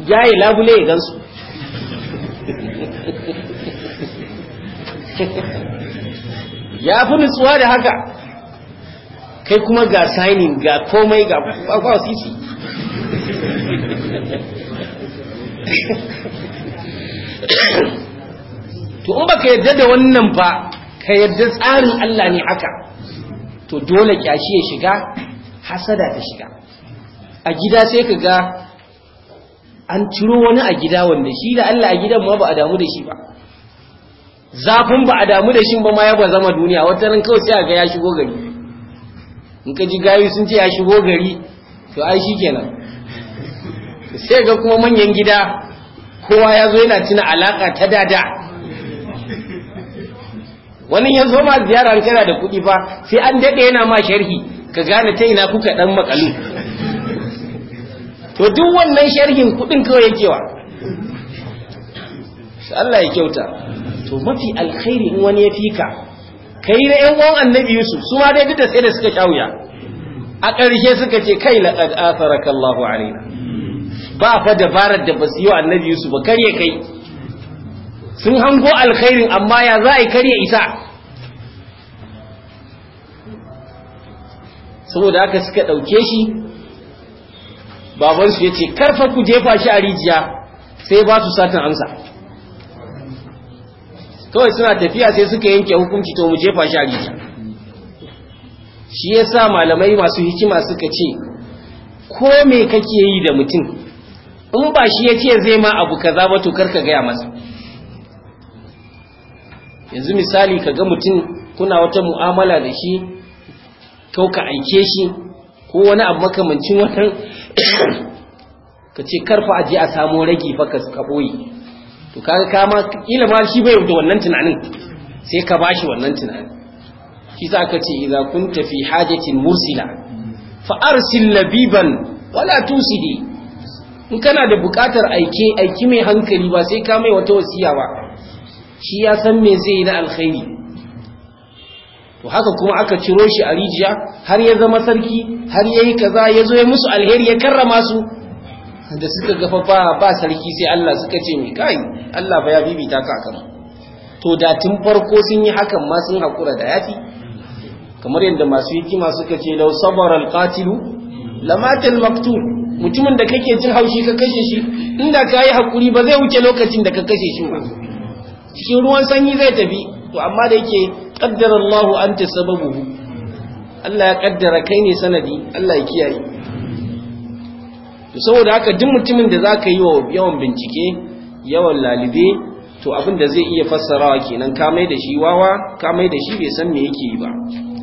ya yi labule ya gansu ya fi nutsuwa da haka kai kuma ga signing ga komai ga kwakwa sisi to in baka yadda da wannan ba ka yadda tsarin Allah ne aka, to dole kyashi ya shiga hasada ta shiga a gida sai ka ga an ciro wani a gida wanda shi da Allah a gidan ma ba a damu da shi ba zafin ba a damu da shi ba ma ya ba zama duniya wata ran kawai sai a ga ya shigo gari in ka ji gayu sun ce ya shigo gari to ai shi kenan. sai ga kuma manyan gida kowa ya zo yana cina alaka ta dada wani ya zo ma ziyara an da kuɗi fa sai an daɗe yana ma sharhi ka gane ta ina kuka ɗan makalu to duk wannan sharhin kuɗin kawai yake wa Allah ya kyauta to mafi alkhairi in wani ya fika kai na yan uwan annabi Yusuf su ma dai duk da sai da suka shawuya a ƙarshe suka ce kai laqad atharaka Allahu alaina ba fa dabarar da basu yi wa annabi yusuf ba karye kai sun hango alkhairin amma ya za a yi karye isa saboda haka suka ɗauke shi babansu ya ce karfa ku jefa shi a rijiya sai ba su satin amsa kawai suna tafiya sai suka yanke hukunci to mu jefa shi a rijiya shi ya sa malamai masu hikima suka ce ko me kake yi da mutum in ba shi ya ce zai ma abu kaza ba to karka gaya masa yanzu misali ka ga mutum kuna wata mu'amala da shi ko ka aike shi ko wani abu makamancin wannan ka ce karfa aje a samo ragi fa ka kaboyi to kaga kama kila ma shi bai da wannan tunanin sai ka bashi wannan tunanin shi za ka ce idza kun tafi hajatin mursila fa arsil labiban wala tusidi in kana da buƙatar aike aiki mai hankali ba sai ka mai wata wasiya ba shi ya san me zai yi na alkhairi to haka kuma aka ciro shi a rijiya har ya zama sarki har yayi kaza ya zo ya musu alheri ya karrama su da suka gafa ba ba sarki sai Allah suka ce mai kai Allah ba ya bibita ka akan to da tun farko sun yi hakan ma sun hakura da yafi kamar yadda masu hikima suka ce law sabara alqatilu lamatal maqtul mutumin da kake cin haushi ka kashe shi inda ka yi haƙuri ba zai wuce lokacin da ka kashe shi ba cikin ruwan sanyi zai tafi to amma da yake ƙaddara Allah an ta sababu Allah ya ƙaddara kai ne sanadi Allah ya kiyaye to saboda haka duk mutumin da zaka yi wa yawan bincike yawan lalibe to abin da zai iya fassarawa kenan ka mai da shi wawa ka mai da shi bai san me yake yi ba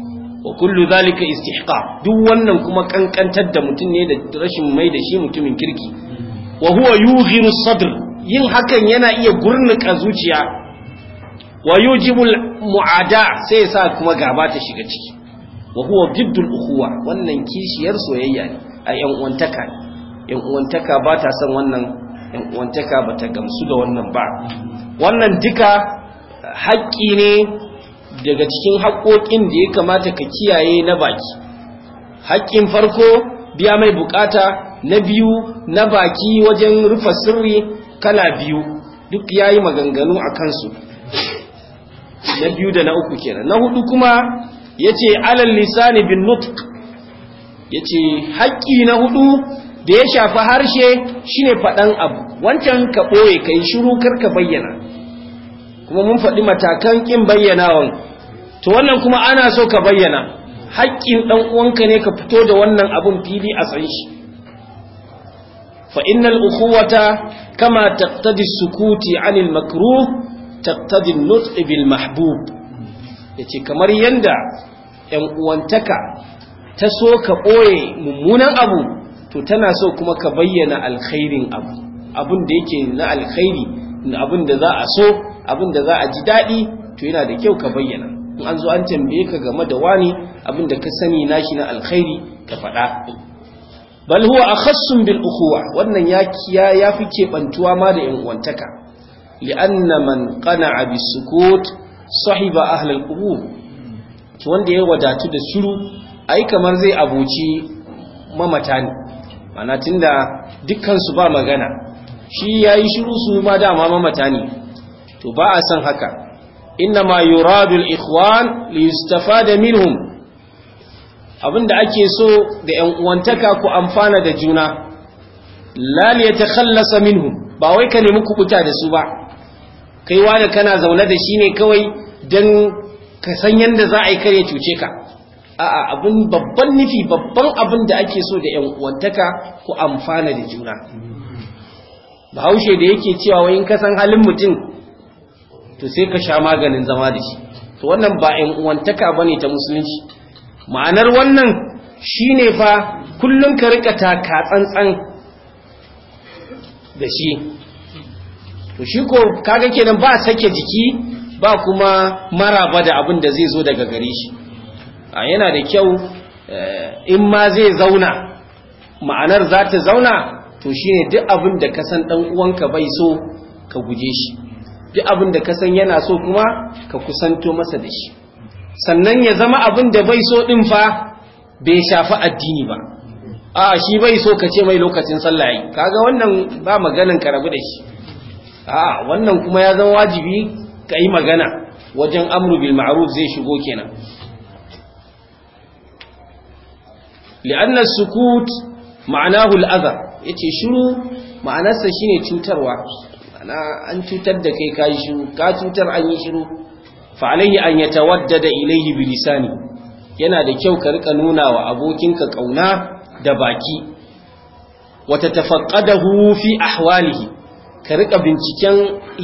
wa kullu zalika istihqa duk wannan kuma kankantar da mutum ne da rashin mai da shi mutumin kirki wa huwa yughiru sadr yin hakan yana iya gurnuka zuciya wa yujibul muada sai sa kuma gaba ta shiga ciki wa huwa jiddul ukhuwa wannan kishiyar soyayya ne a yan uwantaka yan uwantaka ba ta son wannan yan uwantaka ba ta gamsu da wannan ba wannan duka haƙƙi ne daga cikin haƙoƙin da ya kamata ka kiyaye na baki haƙƙin farko biya mai bukata na biyu na baki wajen rufa sirri kala biyu duk ya yi maganganu a kansu na biyu da na uku kenan na hudu kuma ya ce alal lisani bin ya ce haƙƙi na hudu da ya shafi harshe shine faɗan abu wancan ka ɓoye ka yi shiru kar ka bayyana kuma mun faɗi matakan ƙin bayyanawan to wannan kuma ana so ka bayyana haƙƙin ɗan uwanka ne ka fito da wannan abun fili a san shi fa innal ukhuwata kama taqtadi sukuti anil makruh taqtadi an-nutq bil mahbub yace kamar yanda ƴan uwantaka ta so ka ɓoye mummunan abu to tana so kuma ka bayyana alkhairin abu abin da yake na alkhairi na abun da za a so abin da za a ji daɗi to yana da kyau ka bayyana in an zo an tambaye ka game da wani abin da ka sani nashi na alkhairi ka faɗa bal huwa akhassun bil ukhuwa wannan ya kiya yafi kebantuwa ma da yan uwantaka anna man qana'a bis sukut sahiba ahli al qubur to wanda ya wadatu da shiru ai kamar zai abuci mamata ne mana tunda dukkan su ba magana shi yayi shiru su ma dama mamata ne to ba a san haka innama yuradul ikhwan yustafada minhum abinda ake so da ƴan uwantaka ku amfana da juna la yatakhallasa minhum ba wai ka nemi kubuta da su ba kai wani kana zaune da shi ne kawai dan ka san yanda za a yi kare cuce ka a'a abin babban nufi babban abin da ake so da ƴan uwantaka ku amfana da juna bahaushe da yake cewa wai in ka san halin mutum to sai ka sha maganin zama da shi to wannan ba in uwantaka bane ta musulunci ma'anar wannan shine fa kullum ka rika taka tsantsan da shi to shi ko kaga kenan ba sake jiki ba kuma maraba da abin da zai zo daga gare shi a yana da kyau eh, in ma zai zauna ma'anar za ta zauna to shine duk abin da ka san dan uwanka bai so ka guje shi duk abin da ka san yana so kuma ka kusanto masa da shi sannan ya zama abin da bai so din fa bai shafi addini ba a shi bai so ka ce mai lokacin sallah yi kaga wannan ba maganan ka rabu da shi a wannan kuma ya zama wajibi ka yi magana wajen amru bil ma'ruf zai shigo kenan li'anna sukut ma'anahu al'adha yace shiru ma'anarsa shine cutarwa ana an cutar da kai ka yi shiru ka cutar an yi shiru fa alayhi an yatawaddada ilayhi bi lisani yana da kyau ka rika nuna wa abokinka kauna da baki wata tafaqqadahu fi ahwalihi ka rika binciken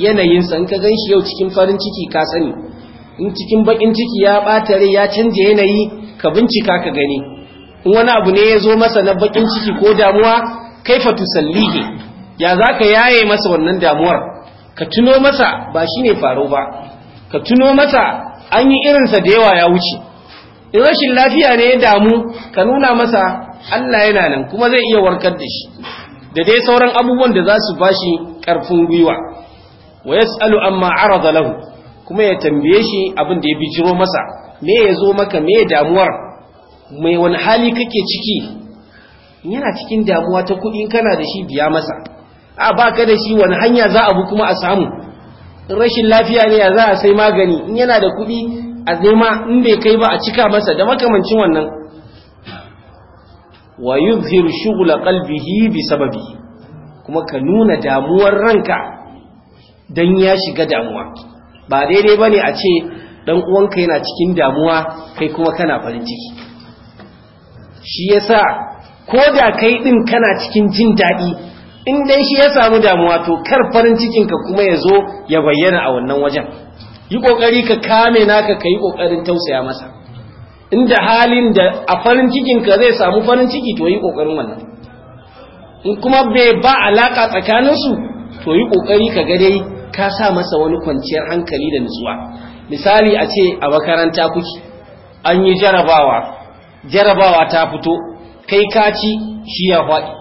yanayin sa in ka ganshi yau cikin farin ciki ka sani in cikin bakin ciki ya bata rai ya canje yanayi ka bincika ka gani in wani abu ne ya zo masa na bakin ciki ko damuwa kaifa tusallihi ya za ka yaye masa wannan damuwar ka tuno masa ba shi ne faro ba ka tuno masa an yi irinsa da yawa ya wuce in rashin lafiya ne ya damu ka nuna masa Allah yana nan kuma zai iya warkar da shi da dai sauran abubuwan da za su ba shi ƙarfin gwiwa wa ya tsalu amma arada lahu kuma ya tambaye shi abin da ya bijiro masa me ya zo maka me damuwar mai wani hali kake ciki yana cikin damuwa ta kuɗi kana da shi biya masa a baka da shi wani hanya za a bi kuma a samu rashin lafiya ne ya za a sai magani in yana da kuɗi a nema in bai kai ba a cika masa da makamancin wannan wa yuzhiru shughla qalbihi bi sababi kuma ka nuna damuwar ranka dan ya shiga damuwa ba daidai bane a ce dan uwanka yana cikin damuwa kai kuma kana farin ciki shi yasa ko da kai din kana cikin jin daɗi in dai shi ya samu damuwa to kar farin cikin ka kuma ya zo ya bayyana a wannan wajen yi ƙoƙari ka kame naka ka yi ƙoƙarin tausaya masa inda halin da a farin ka zai samu farin ciki to yi ƙoƙarin wannan in kuma bai ba alaƙa tsakaninsu to yi ƙoƙari ka ga dai ka sa masa wani kwanciyar hankali da nutsuwa misali a ce a makaranta kuki an yi jarabawa jarabawa ta fito kai ka ci shi ya faɗi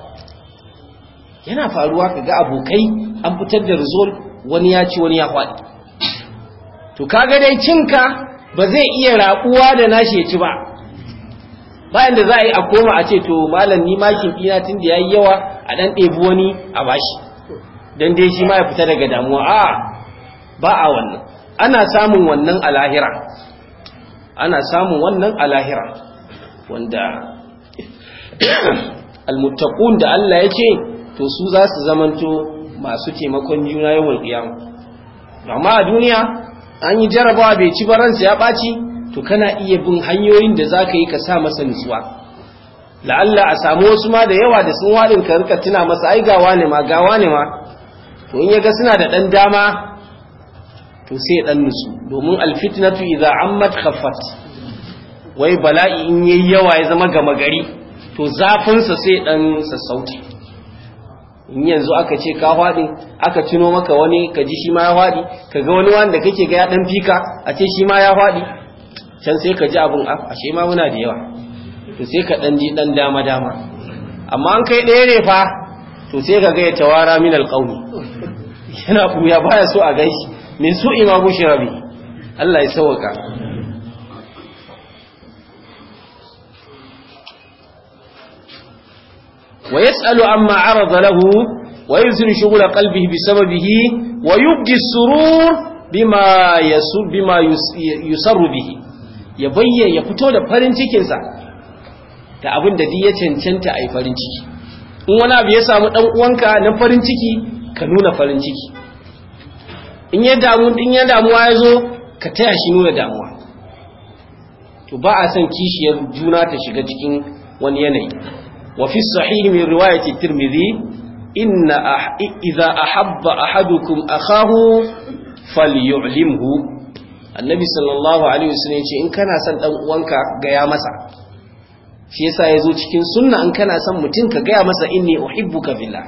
yana faruwa ka ga abokai an fitar da result wani ya ci wani ya faɗi to kaga dai cinka ba zai iya raƙuwa da nashi ya ci ba bayan da za a yi a koma a ce to malam ni makin ɗina tun da ya yi yawa a ɗan ɗebi wani a bashi don dai shi ma ya fita daga damuwa a ba a wannan ana samun wannan a lahira ana samun wannan a wanda almuttaqun da Allah ya ce to su za su zamanto masu taimakon juna yawan kiyama amma a duniya an yi jarabawa bai ci baransa ya ɓaci to kana iya bin hanyoyin da za ka yi ka sa masa nutsuwa la'alla a samu wasu ma da yawa da sun waɗin ka rika tuna masa ai gawa ne ma gawa ne ma to in ya ga suna da ɗan dama to sai ɗan nutsu domin alfitnatu idza ammat khaffat wai bala'i in yayi yawa ya zama gama gari to zafinsa sai ɗan sassauci in yanzu aka ce ka hwaɗe aka tuno maka wani ka ji shi ma ya hwaɗi ka ga wani wanda kake ga ya ɗan fika a ce shi ma ya hwaɗi can sai ka ji abin ah, ashe ma muna da yawa to sai ka ɗan ji ɗan dama dama amma an kai ɗaya ne fa to sai ka ga ya tawara min alƙauni yana ɓuya baya so a gaishe min su ima bushira Allah ya sauka ويسأل عما عرض له ويزن شغل قلبه بسببه ويبقي السرور بما يسر بما يسر به ya bayyana ya fito da farincikinsa, cikinsa da abin da ya cancanta a yi farin ciki in wani abu ya samu dan uwanka na farin ciki ka nuna farin ciki in ya damu ya damuwa ya zo ka taya shi nuna damuwa to ba a son kishiyar juna ta shiga cikin wani yanayi وفي الصحيح من رواية الترمذي إن أح... إذا أحب أحدكم أخاه فليعلمه النبي صلى الله عليه وسلم إن كان سن أنك قيامة shi yasa ya zo cikin sunna in kana son mutum ka gaya masa inni uhibbuka fillah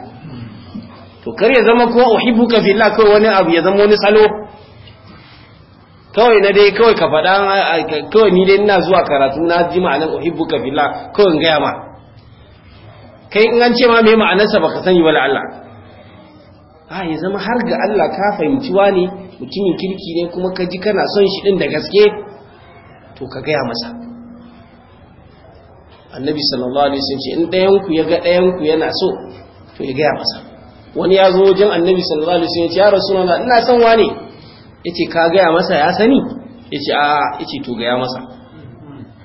to kar ya zama kuma uhibbuka fillah kawai wani abu ya zama wani salo kawai na dai kawai ka faɗa kawai ni dai ina zuwa karatu na ji ma'anar uhibbuka fillah kawai in gaya ma kai in an ce ma me ma'anarsa baka sani wala Allah a ya zama har ga Allah ka fahimci wani mutumin kirki ne kuma ka ji kana son shi din da gaske to ka gaya masa annabi sallallahu alaihi wasallam ce in ɗayan ku ya ga ɗayan ku yana so to ya gaya masa wani ya zo wajen annabi sallallahu alaihi wasallam ya ce ya rasulullah ina son wani yace ka gaya masa ya sani yace a yace to gaya masa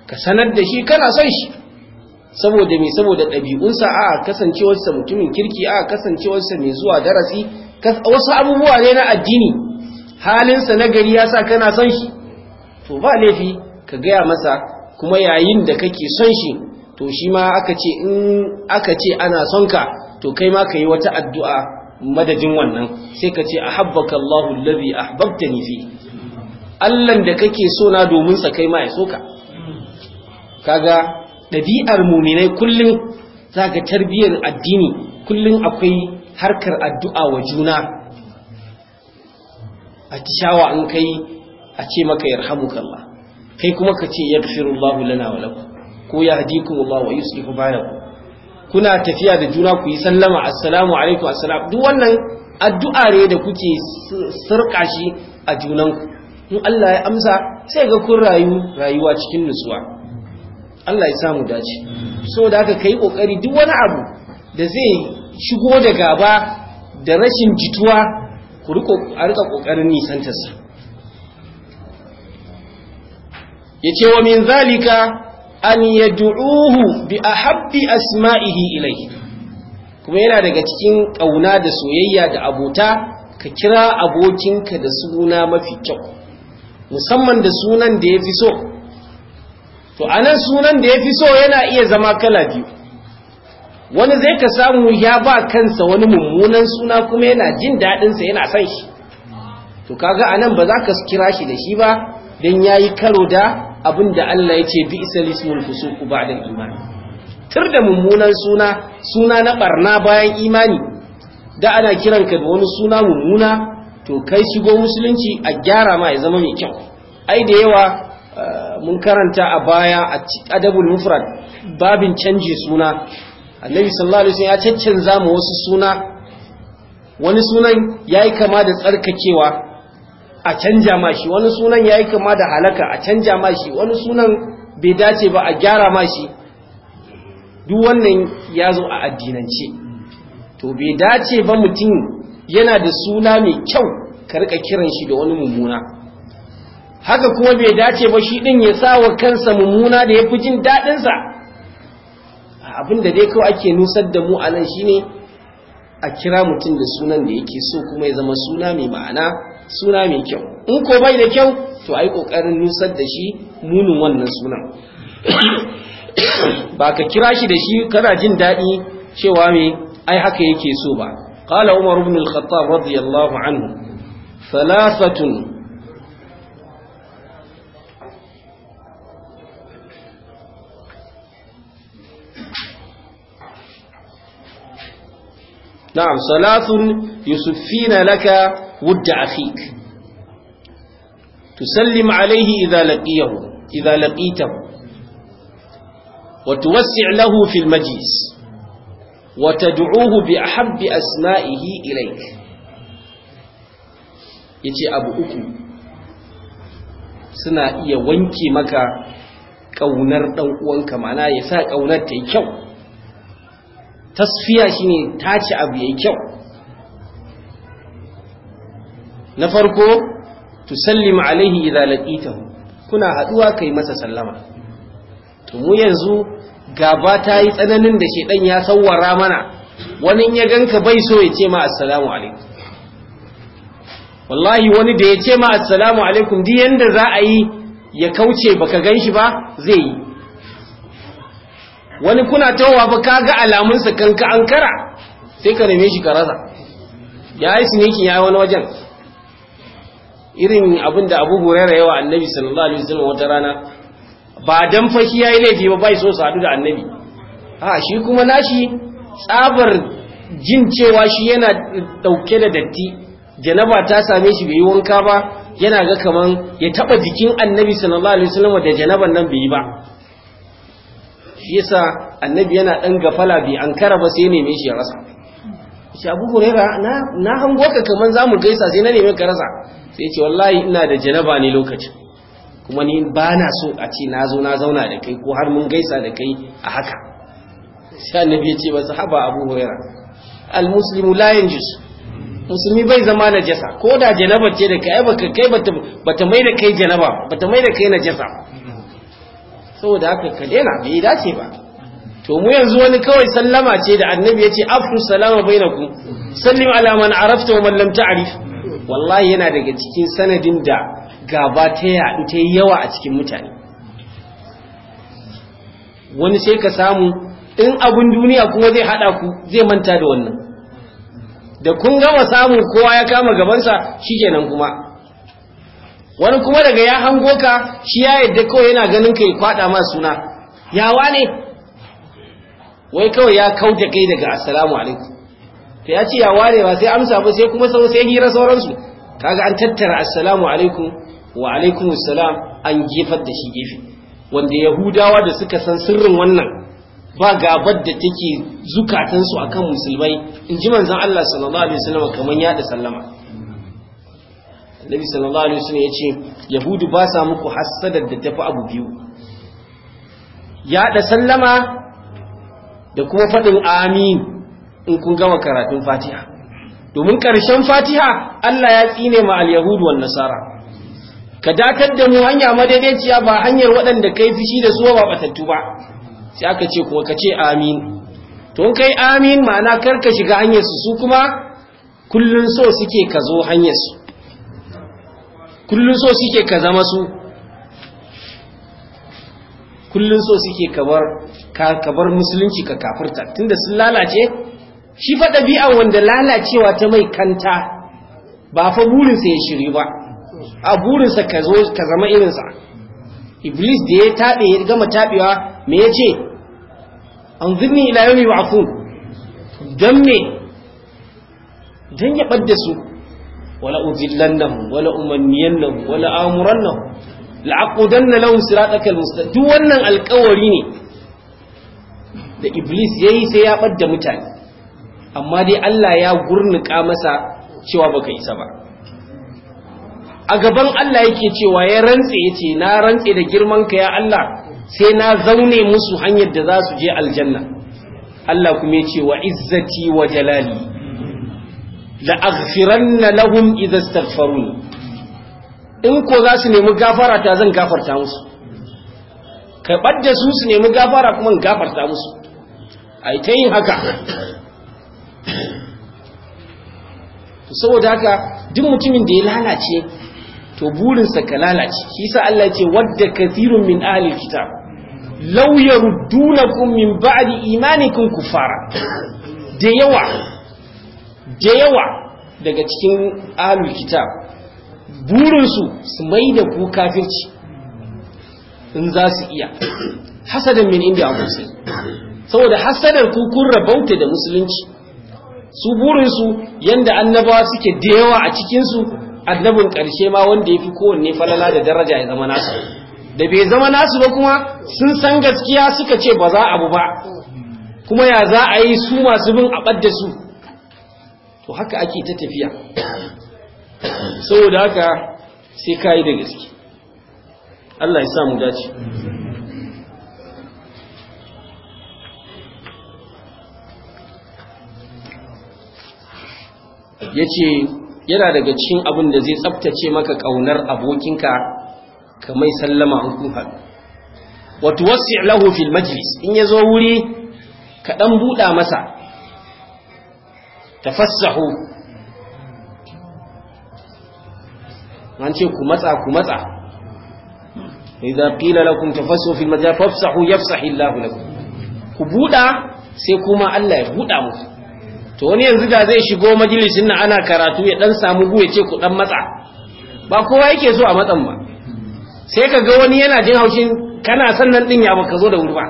ka sanar da shi kana son shi saboda mai saboda ɗabi'unsa a kasancewarsa mutumin kirki a kasancewarsa mai zuwa darasi wasu abubuwa ne na addini halinsa na gari ya sa kana son shi to ba laifi ka gaya masa kuma yayin da kake son shi to shi ma aka ce in aka ce ana son ka to kai ma ka yi wata addu'a madadin wannan sai ka ce ahabbaka Allahu allazi ahbabtani fi da kake so domin sa kai ma ya Ka kaga ɗabi'ar muminai kullum za ga tarbiyyar addini kullum akwai harkar addu'a wa juna a tishawa an kai a ce maka kalla kai kuma ka ce ya fi rullahu lana wa lakum ko ba wa yuslihu ku? kuna tafiya da juna ku yi sallama assalamu alaikum assalam duk wannan addu'a ne da kuke sarka shi a junanku in Allah ya amsa sai ga kun rayu rayuwa cikin nutsuwa Allah ya samu dace so da haka kai kokari duk wani abu da zai shigo da gaba da rashin jituwa ku riko a rika kokarin nisantar sa yace wa min zalika an yad'uhu bi ahabbi asma'ihi ilayhi kuma yana daga cikin kauna da soyayya da abota ka kira abokinka da suna mafi kyau musamman da sunan da ya fi so to anan sunan da ya fi so yana iya zama kala biyu wani zai ka samu ya ba kansa wani mummunan suna kuma yana jin daɗinsa yana son shi to kaga anan ba za ka kira shi da shi ba don ya yi karo da abin da Allah ya ce bi isa lismul fusuku ba da tur da mummunan suna suna na barna bayan imani da ana kiranka da wani suna mummuna to kai shigo musulunci a gyara ma ya zama mai kyau ai da yawa Eh, mun karanta a baya a adabul mufrad babin canji suna annabi sallallahu alaihi wasallam ya cancanza mu wasu suna wani sunan yayi kama da tsarkakewa a canja mashi wani sunan yayi kama da halaka a canja mashi wani sunan bai dace ba a gyara mashi duk wannan ya zo a addinance to bai dace ba mutum yana da suna mai kyau ka rika kiran shi da wani mummuna haka kuma bai dace ba shi ɗin ya sa wa kansa mummuna da ya fi jin daɗinsa abin da dai kawai ake nusar da mu a nan ne a kira mutum da sunan da yake so kuma ya zama suna mai ma'ana suna mai kyau in ko bai da kyau to ai kokarin nusar da shi munin wannan sunan ba ka kira shi da shi kana jin daɗi cewa me ai haka yake so ba qala umar ibn al radiyallahu anhu thalathatun نعم ثلاث يصفين لك ود أخيك تسلم عليه إذا لقيه إذا لقيته وتوسع له في المجلس وتدعوه بأحب أسمائه إليك يتي أبو أكو سنائي ونكي مكا كونر ƙaunar ɗan معناه يساك أو نتي كون tasfiya shine tace abu yayi kyau na farko tu sallima alaihi idza laqitahu kuna haduwa kai masa sallama to mu yanzu gaba ta yi tsananin da shedan ya sawwara mana wani ya ganka bai so ya ce ma assalamu alaikum wallahi wani da ya ce ma assalamu alaikum duk yanda za a yi ya kauce baka shi ba zai yi wani kuna tawa fa kaga alamun sa kanka an kara sai ka neme shi karaza ya yi sinikin ya yi wani wajen irin abin da abu hurera yawa annabi sallallahu alaihi wasallam wata rana ba dan fashi yayi laifi ba bai so su hadu da annabi a shi kuma nashi tsabar jin cewa shi yana dauke da datti janaba ta same shi bai yi wanka ba yana ga kaman ya taba jikin annabi sallallahu alaihi wasallam da janaban nan bai yi ba shi yasa annabi yana dan gafala an ankara ba sai neme shi ya rasa shi abu huraira na na hango ka kaman zamu gaisa sai na neme ka rasa sai ya ce wallahi ina da janaba ne lokacin kuma ni ba na so a ce na zo na zauna da kai ko har mun gaisa da kai a haka sai annabi ya ce ba sahaba abu huraira al muslimu la yanjus musulmi bai zama na jasa ko da janaba ce da kai baka kai bata mai da kai janaba bata mai da kai na jasa saboda haka ka daina bai dace ba to mu yanzu wani kawai sallama ce da annabi ya ce afu salama bainakum sallim ala man arafta wa man lam wallahi yana daga cikin sanadin da gaba ta yadu ta yawa a cikin mutane wani sai ka samu in abun duniya kuma zai haɗa ku zai manta da wannan da kun gama samun kowa ya kama gabansa shi kenan kuma wani kuma daga ya hango ka shi ya yadda kawai yana ganin ka yi kwada ma suna yawa ne wai kawai ya kauta kai daga assalamu alaikum to ya ce yawa ne ba sai amsa ba sai kuma sau sai hira sauransu kaga an tattara assalamu alaikum wa alaikum assalam an gefar da shi gefe wanda yahudawa da suka san sirrin wannan ba gabar da take zukatansu akan musulmai in ji manzon Allah sallallahu alaihi wasallam kamar ya sallama nabi sallallahu alaihi wasallam yace yahudu ba sa muku hassada da tafi abu biyu ya da sallama da kuma fadin amin in kun gama karatun fatiha domin karshen fatiha Allah ya tsine ma al-yahudu wan nasara ka datar da mu hanya madaidaiciya ba hanyar waɗanda kai fishi da su ba batattu ba sai aka ce kuma ka ce amin to kai amin ma'ana kar ka shiga hanyar su su kuma kullun so suke ka zo hanyar su kullun so suke ka zama su kullun so suke ka bar musulunci ka kafirta tunda sun lalace shi fa ɗabi'a wanda lalacewa ta mai kanta ba fa burinsa ya shiri ba a burinsa ka zama irinsa iblis da ya taɓe ya gama taɓewa me ya ce an zirni ila yau fun? don me don ya ɓadda su wala udillannahum wala umanniyannahum wala amurannahum la'aqudanna lahum siratakal mustaqim duk wannan alƙawari ne da iblis yayi sai ya badda mutane amma dai Allah ya gurnuka masa cewa baka isa ba a gaban Allah yake cewa ya rantse yace na rantse da girman ka ya Allah sai na zaune musu hanyar da za su je aljanna Allah kuma ce wa izzati wa jalali la'aghfiranna lahum idza astaghfaruni in ko za su nemi gafara ta zan gafarta musu ka da su su nemi gafara kuma in gafarta musu ai ta yin haka saboda haka duk mutumin da ya lalace to burinsa ka lalace shi sa Allah ce wadda kathirun min ahli kitab law yaruddunakum min ba'di imanikum kufara da yawa da yawa daga cikin alul kitab burinsu su mai da ku kafirci in za su iya hasadan min inda abu sai saboda hasadar ku kun rabauta da musulunci su burinsu yanda annabawa suke da yawa a cikinsu annabin ƙarshe ma wanda ya fi kowanne falala da daraja ya zama nasu da bai zama nasu ba kuma sun san gaskiya suka ce ba za abu ba kuma ya za a yi su masu bin a ɓadda su to haka ake ta tafiya saboda haka sai ka yi da gaske Allah ya samu dace yace yana daga cikin abin da zai tsaftace maka ƙaunar abokinka kamar sallama hukuhan wato wasu lahu fil majlis in yazo wuri kaɗan buɗa masa tafassahu an ce ku matsa ku matsa idza qila lakum tafassahu fil majal fafsahu yafsahu Allahu lakum ku buda sai kuma Allah ya buda muku to wani yanzu da zai shigo majalisin nan ana karatu ya dan samu gu ya ce ku dan matsa ba kowa yake so a matsan ba sai ka ga wani yana jin haushin kana sannan din ya baka zo da wuri ba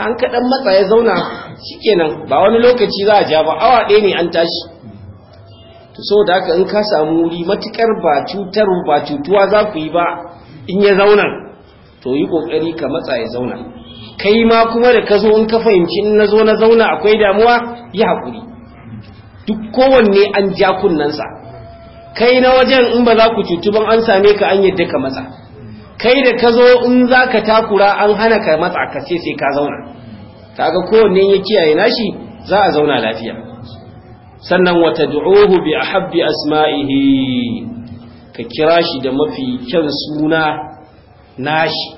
an ka dan matsa ya zauna shikenan ba wani lokaci za a ja ba awa ɗaya ne an tashi to da haka in ka samu wuri matukar ba cutar ba cutuwa za ku yi ba in ya zauna to yi kokari ka matsa ya zauna kai ma kuma da ka zo in ka fahimci in na zo na zauna akwai damuwa yi hakuri. duk kowanne an ja kunnensa kai na wajen in ba za ku cutu ban an same ka an yadda ka matsa kai da ka zo in za ka takura an hana ka matsa ka ce sai ka zauna kaga kowanne ya kiyaye nashi za a zauna lafiya sannan wata tad'uhu bi ahabbi asma'ihi ka kira shi da mafi kyan suna nashi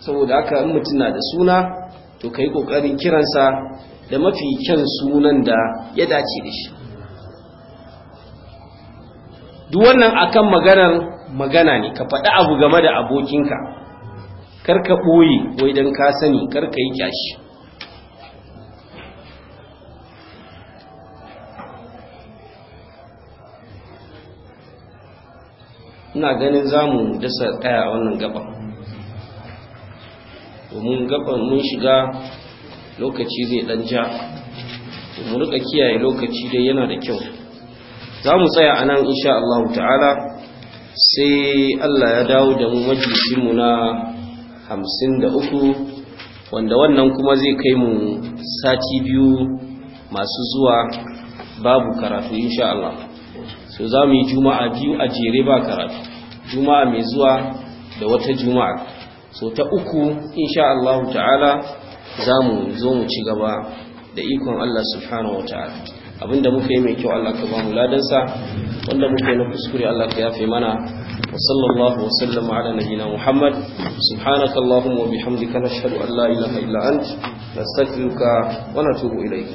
saboda haka in mutum na da suna to kai kokarin kiransa da mafi kyan sunan da ya dace da shi duk wannan akan maganar magana ne ka faɗi abu game da abokinka karka ɓoye wai don ka sani karka yi kyashi ina ganin zamu dasa ɗaya a wannan gaba. domin gaban mun shiga lokaci zai dan ja mu rika kiyaye lokaci dai yana da kyau Za mu tsaya anan insha Allah ta'ala sai Allah ya dawo da mu majalisin na hamsin da uku wanda wannan kuma zai kai mu sati biyu masu zuwa babu karatu insha Allah so za mu yi juma'a biyu a jere ba karatu juma'a mai zuwa da wata juma'a so ta uku insha Allah ta'ala za mu zo mu ci gaba da ikon Allah subhanahu wa ta'ala abinda muka yi mai kyau Allah ka ba mu ladansa wanda muka yi na kuskure Allah ka yafe mana وصلى الله وسلم على نبينا محمد سبحانك اللهم وبحمدك نشهد أن لا إله إلا أنت نستغفرك ونتوب إليك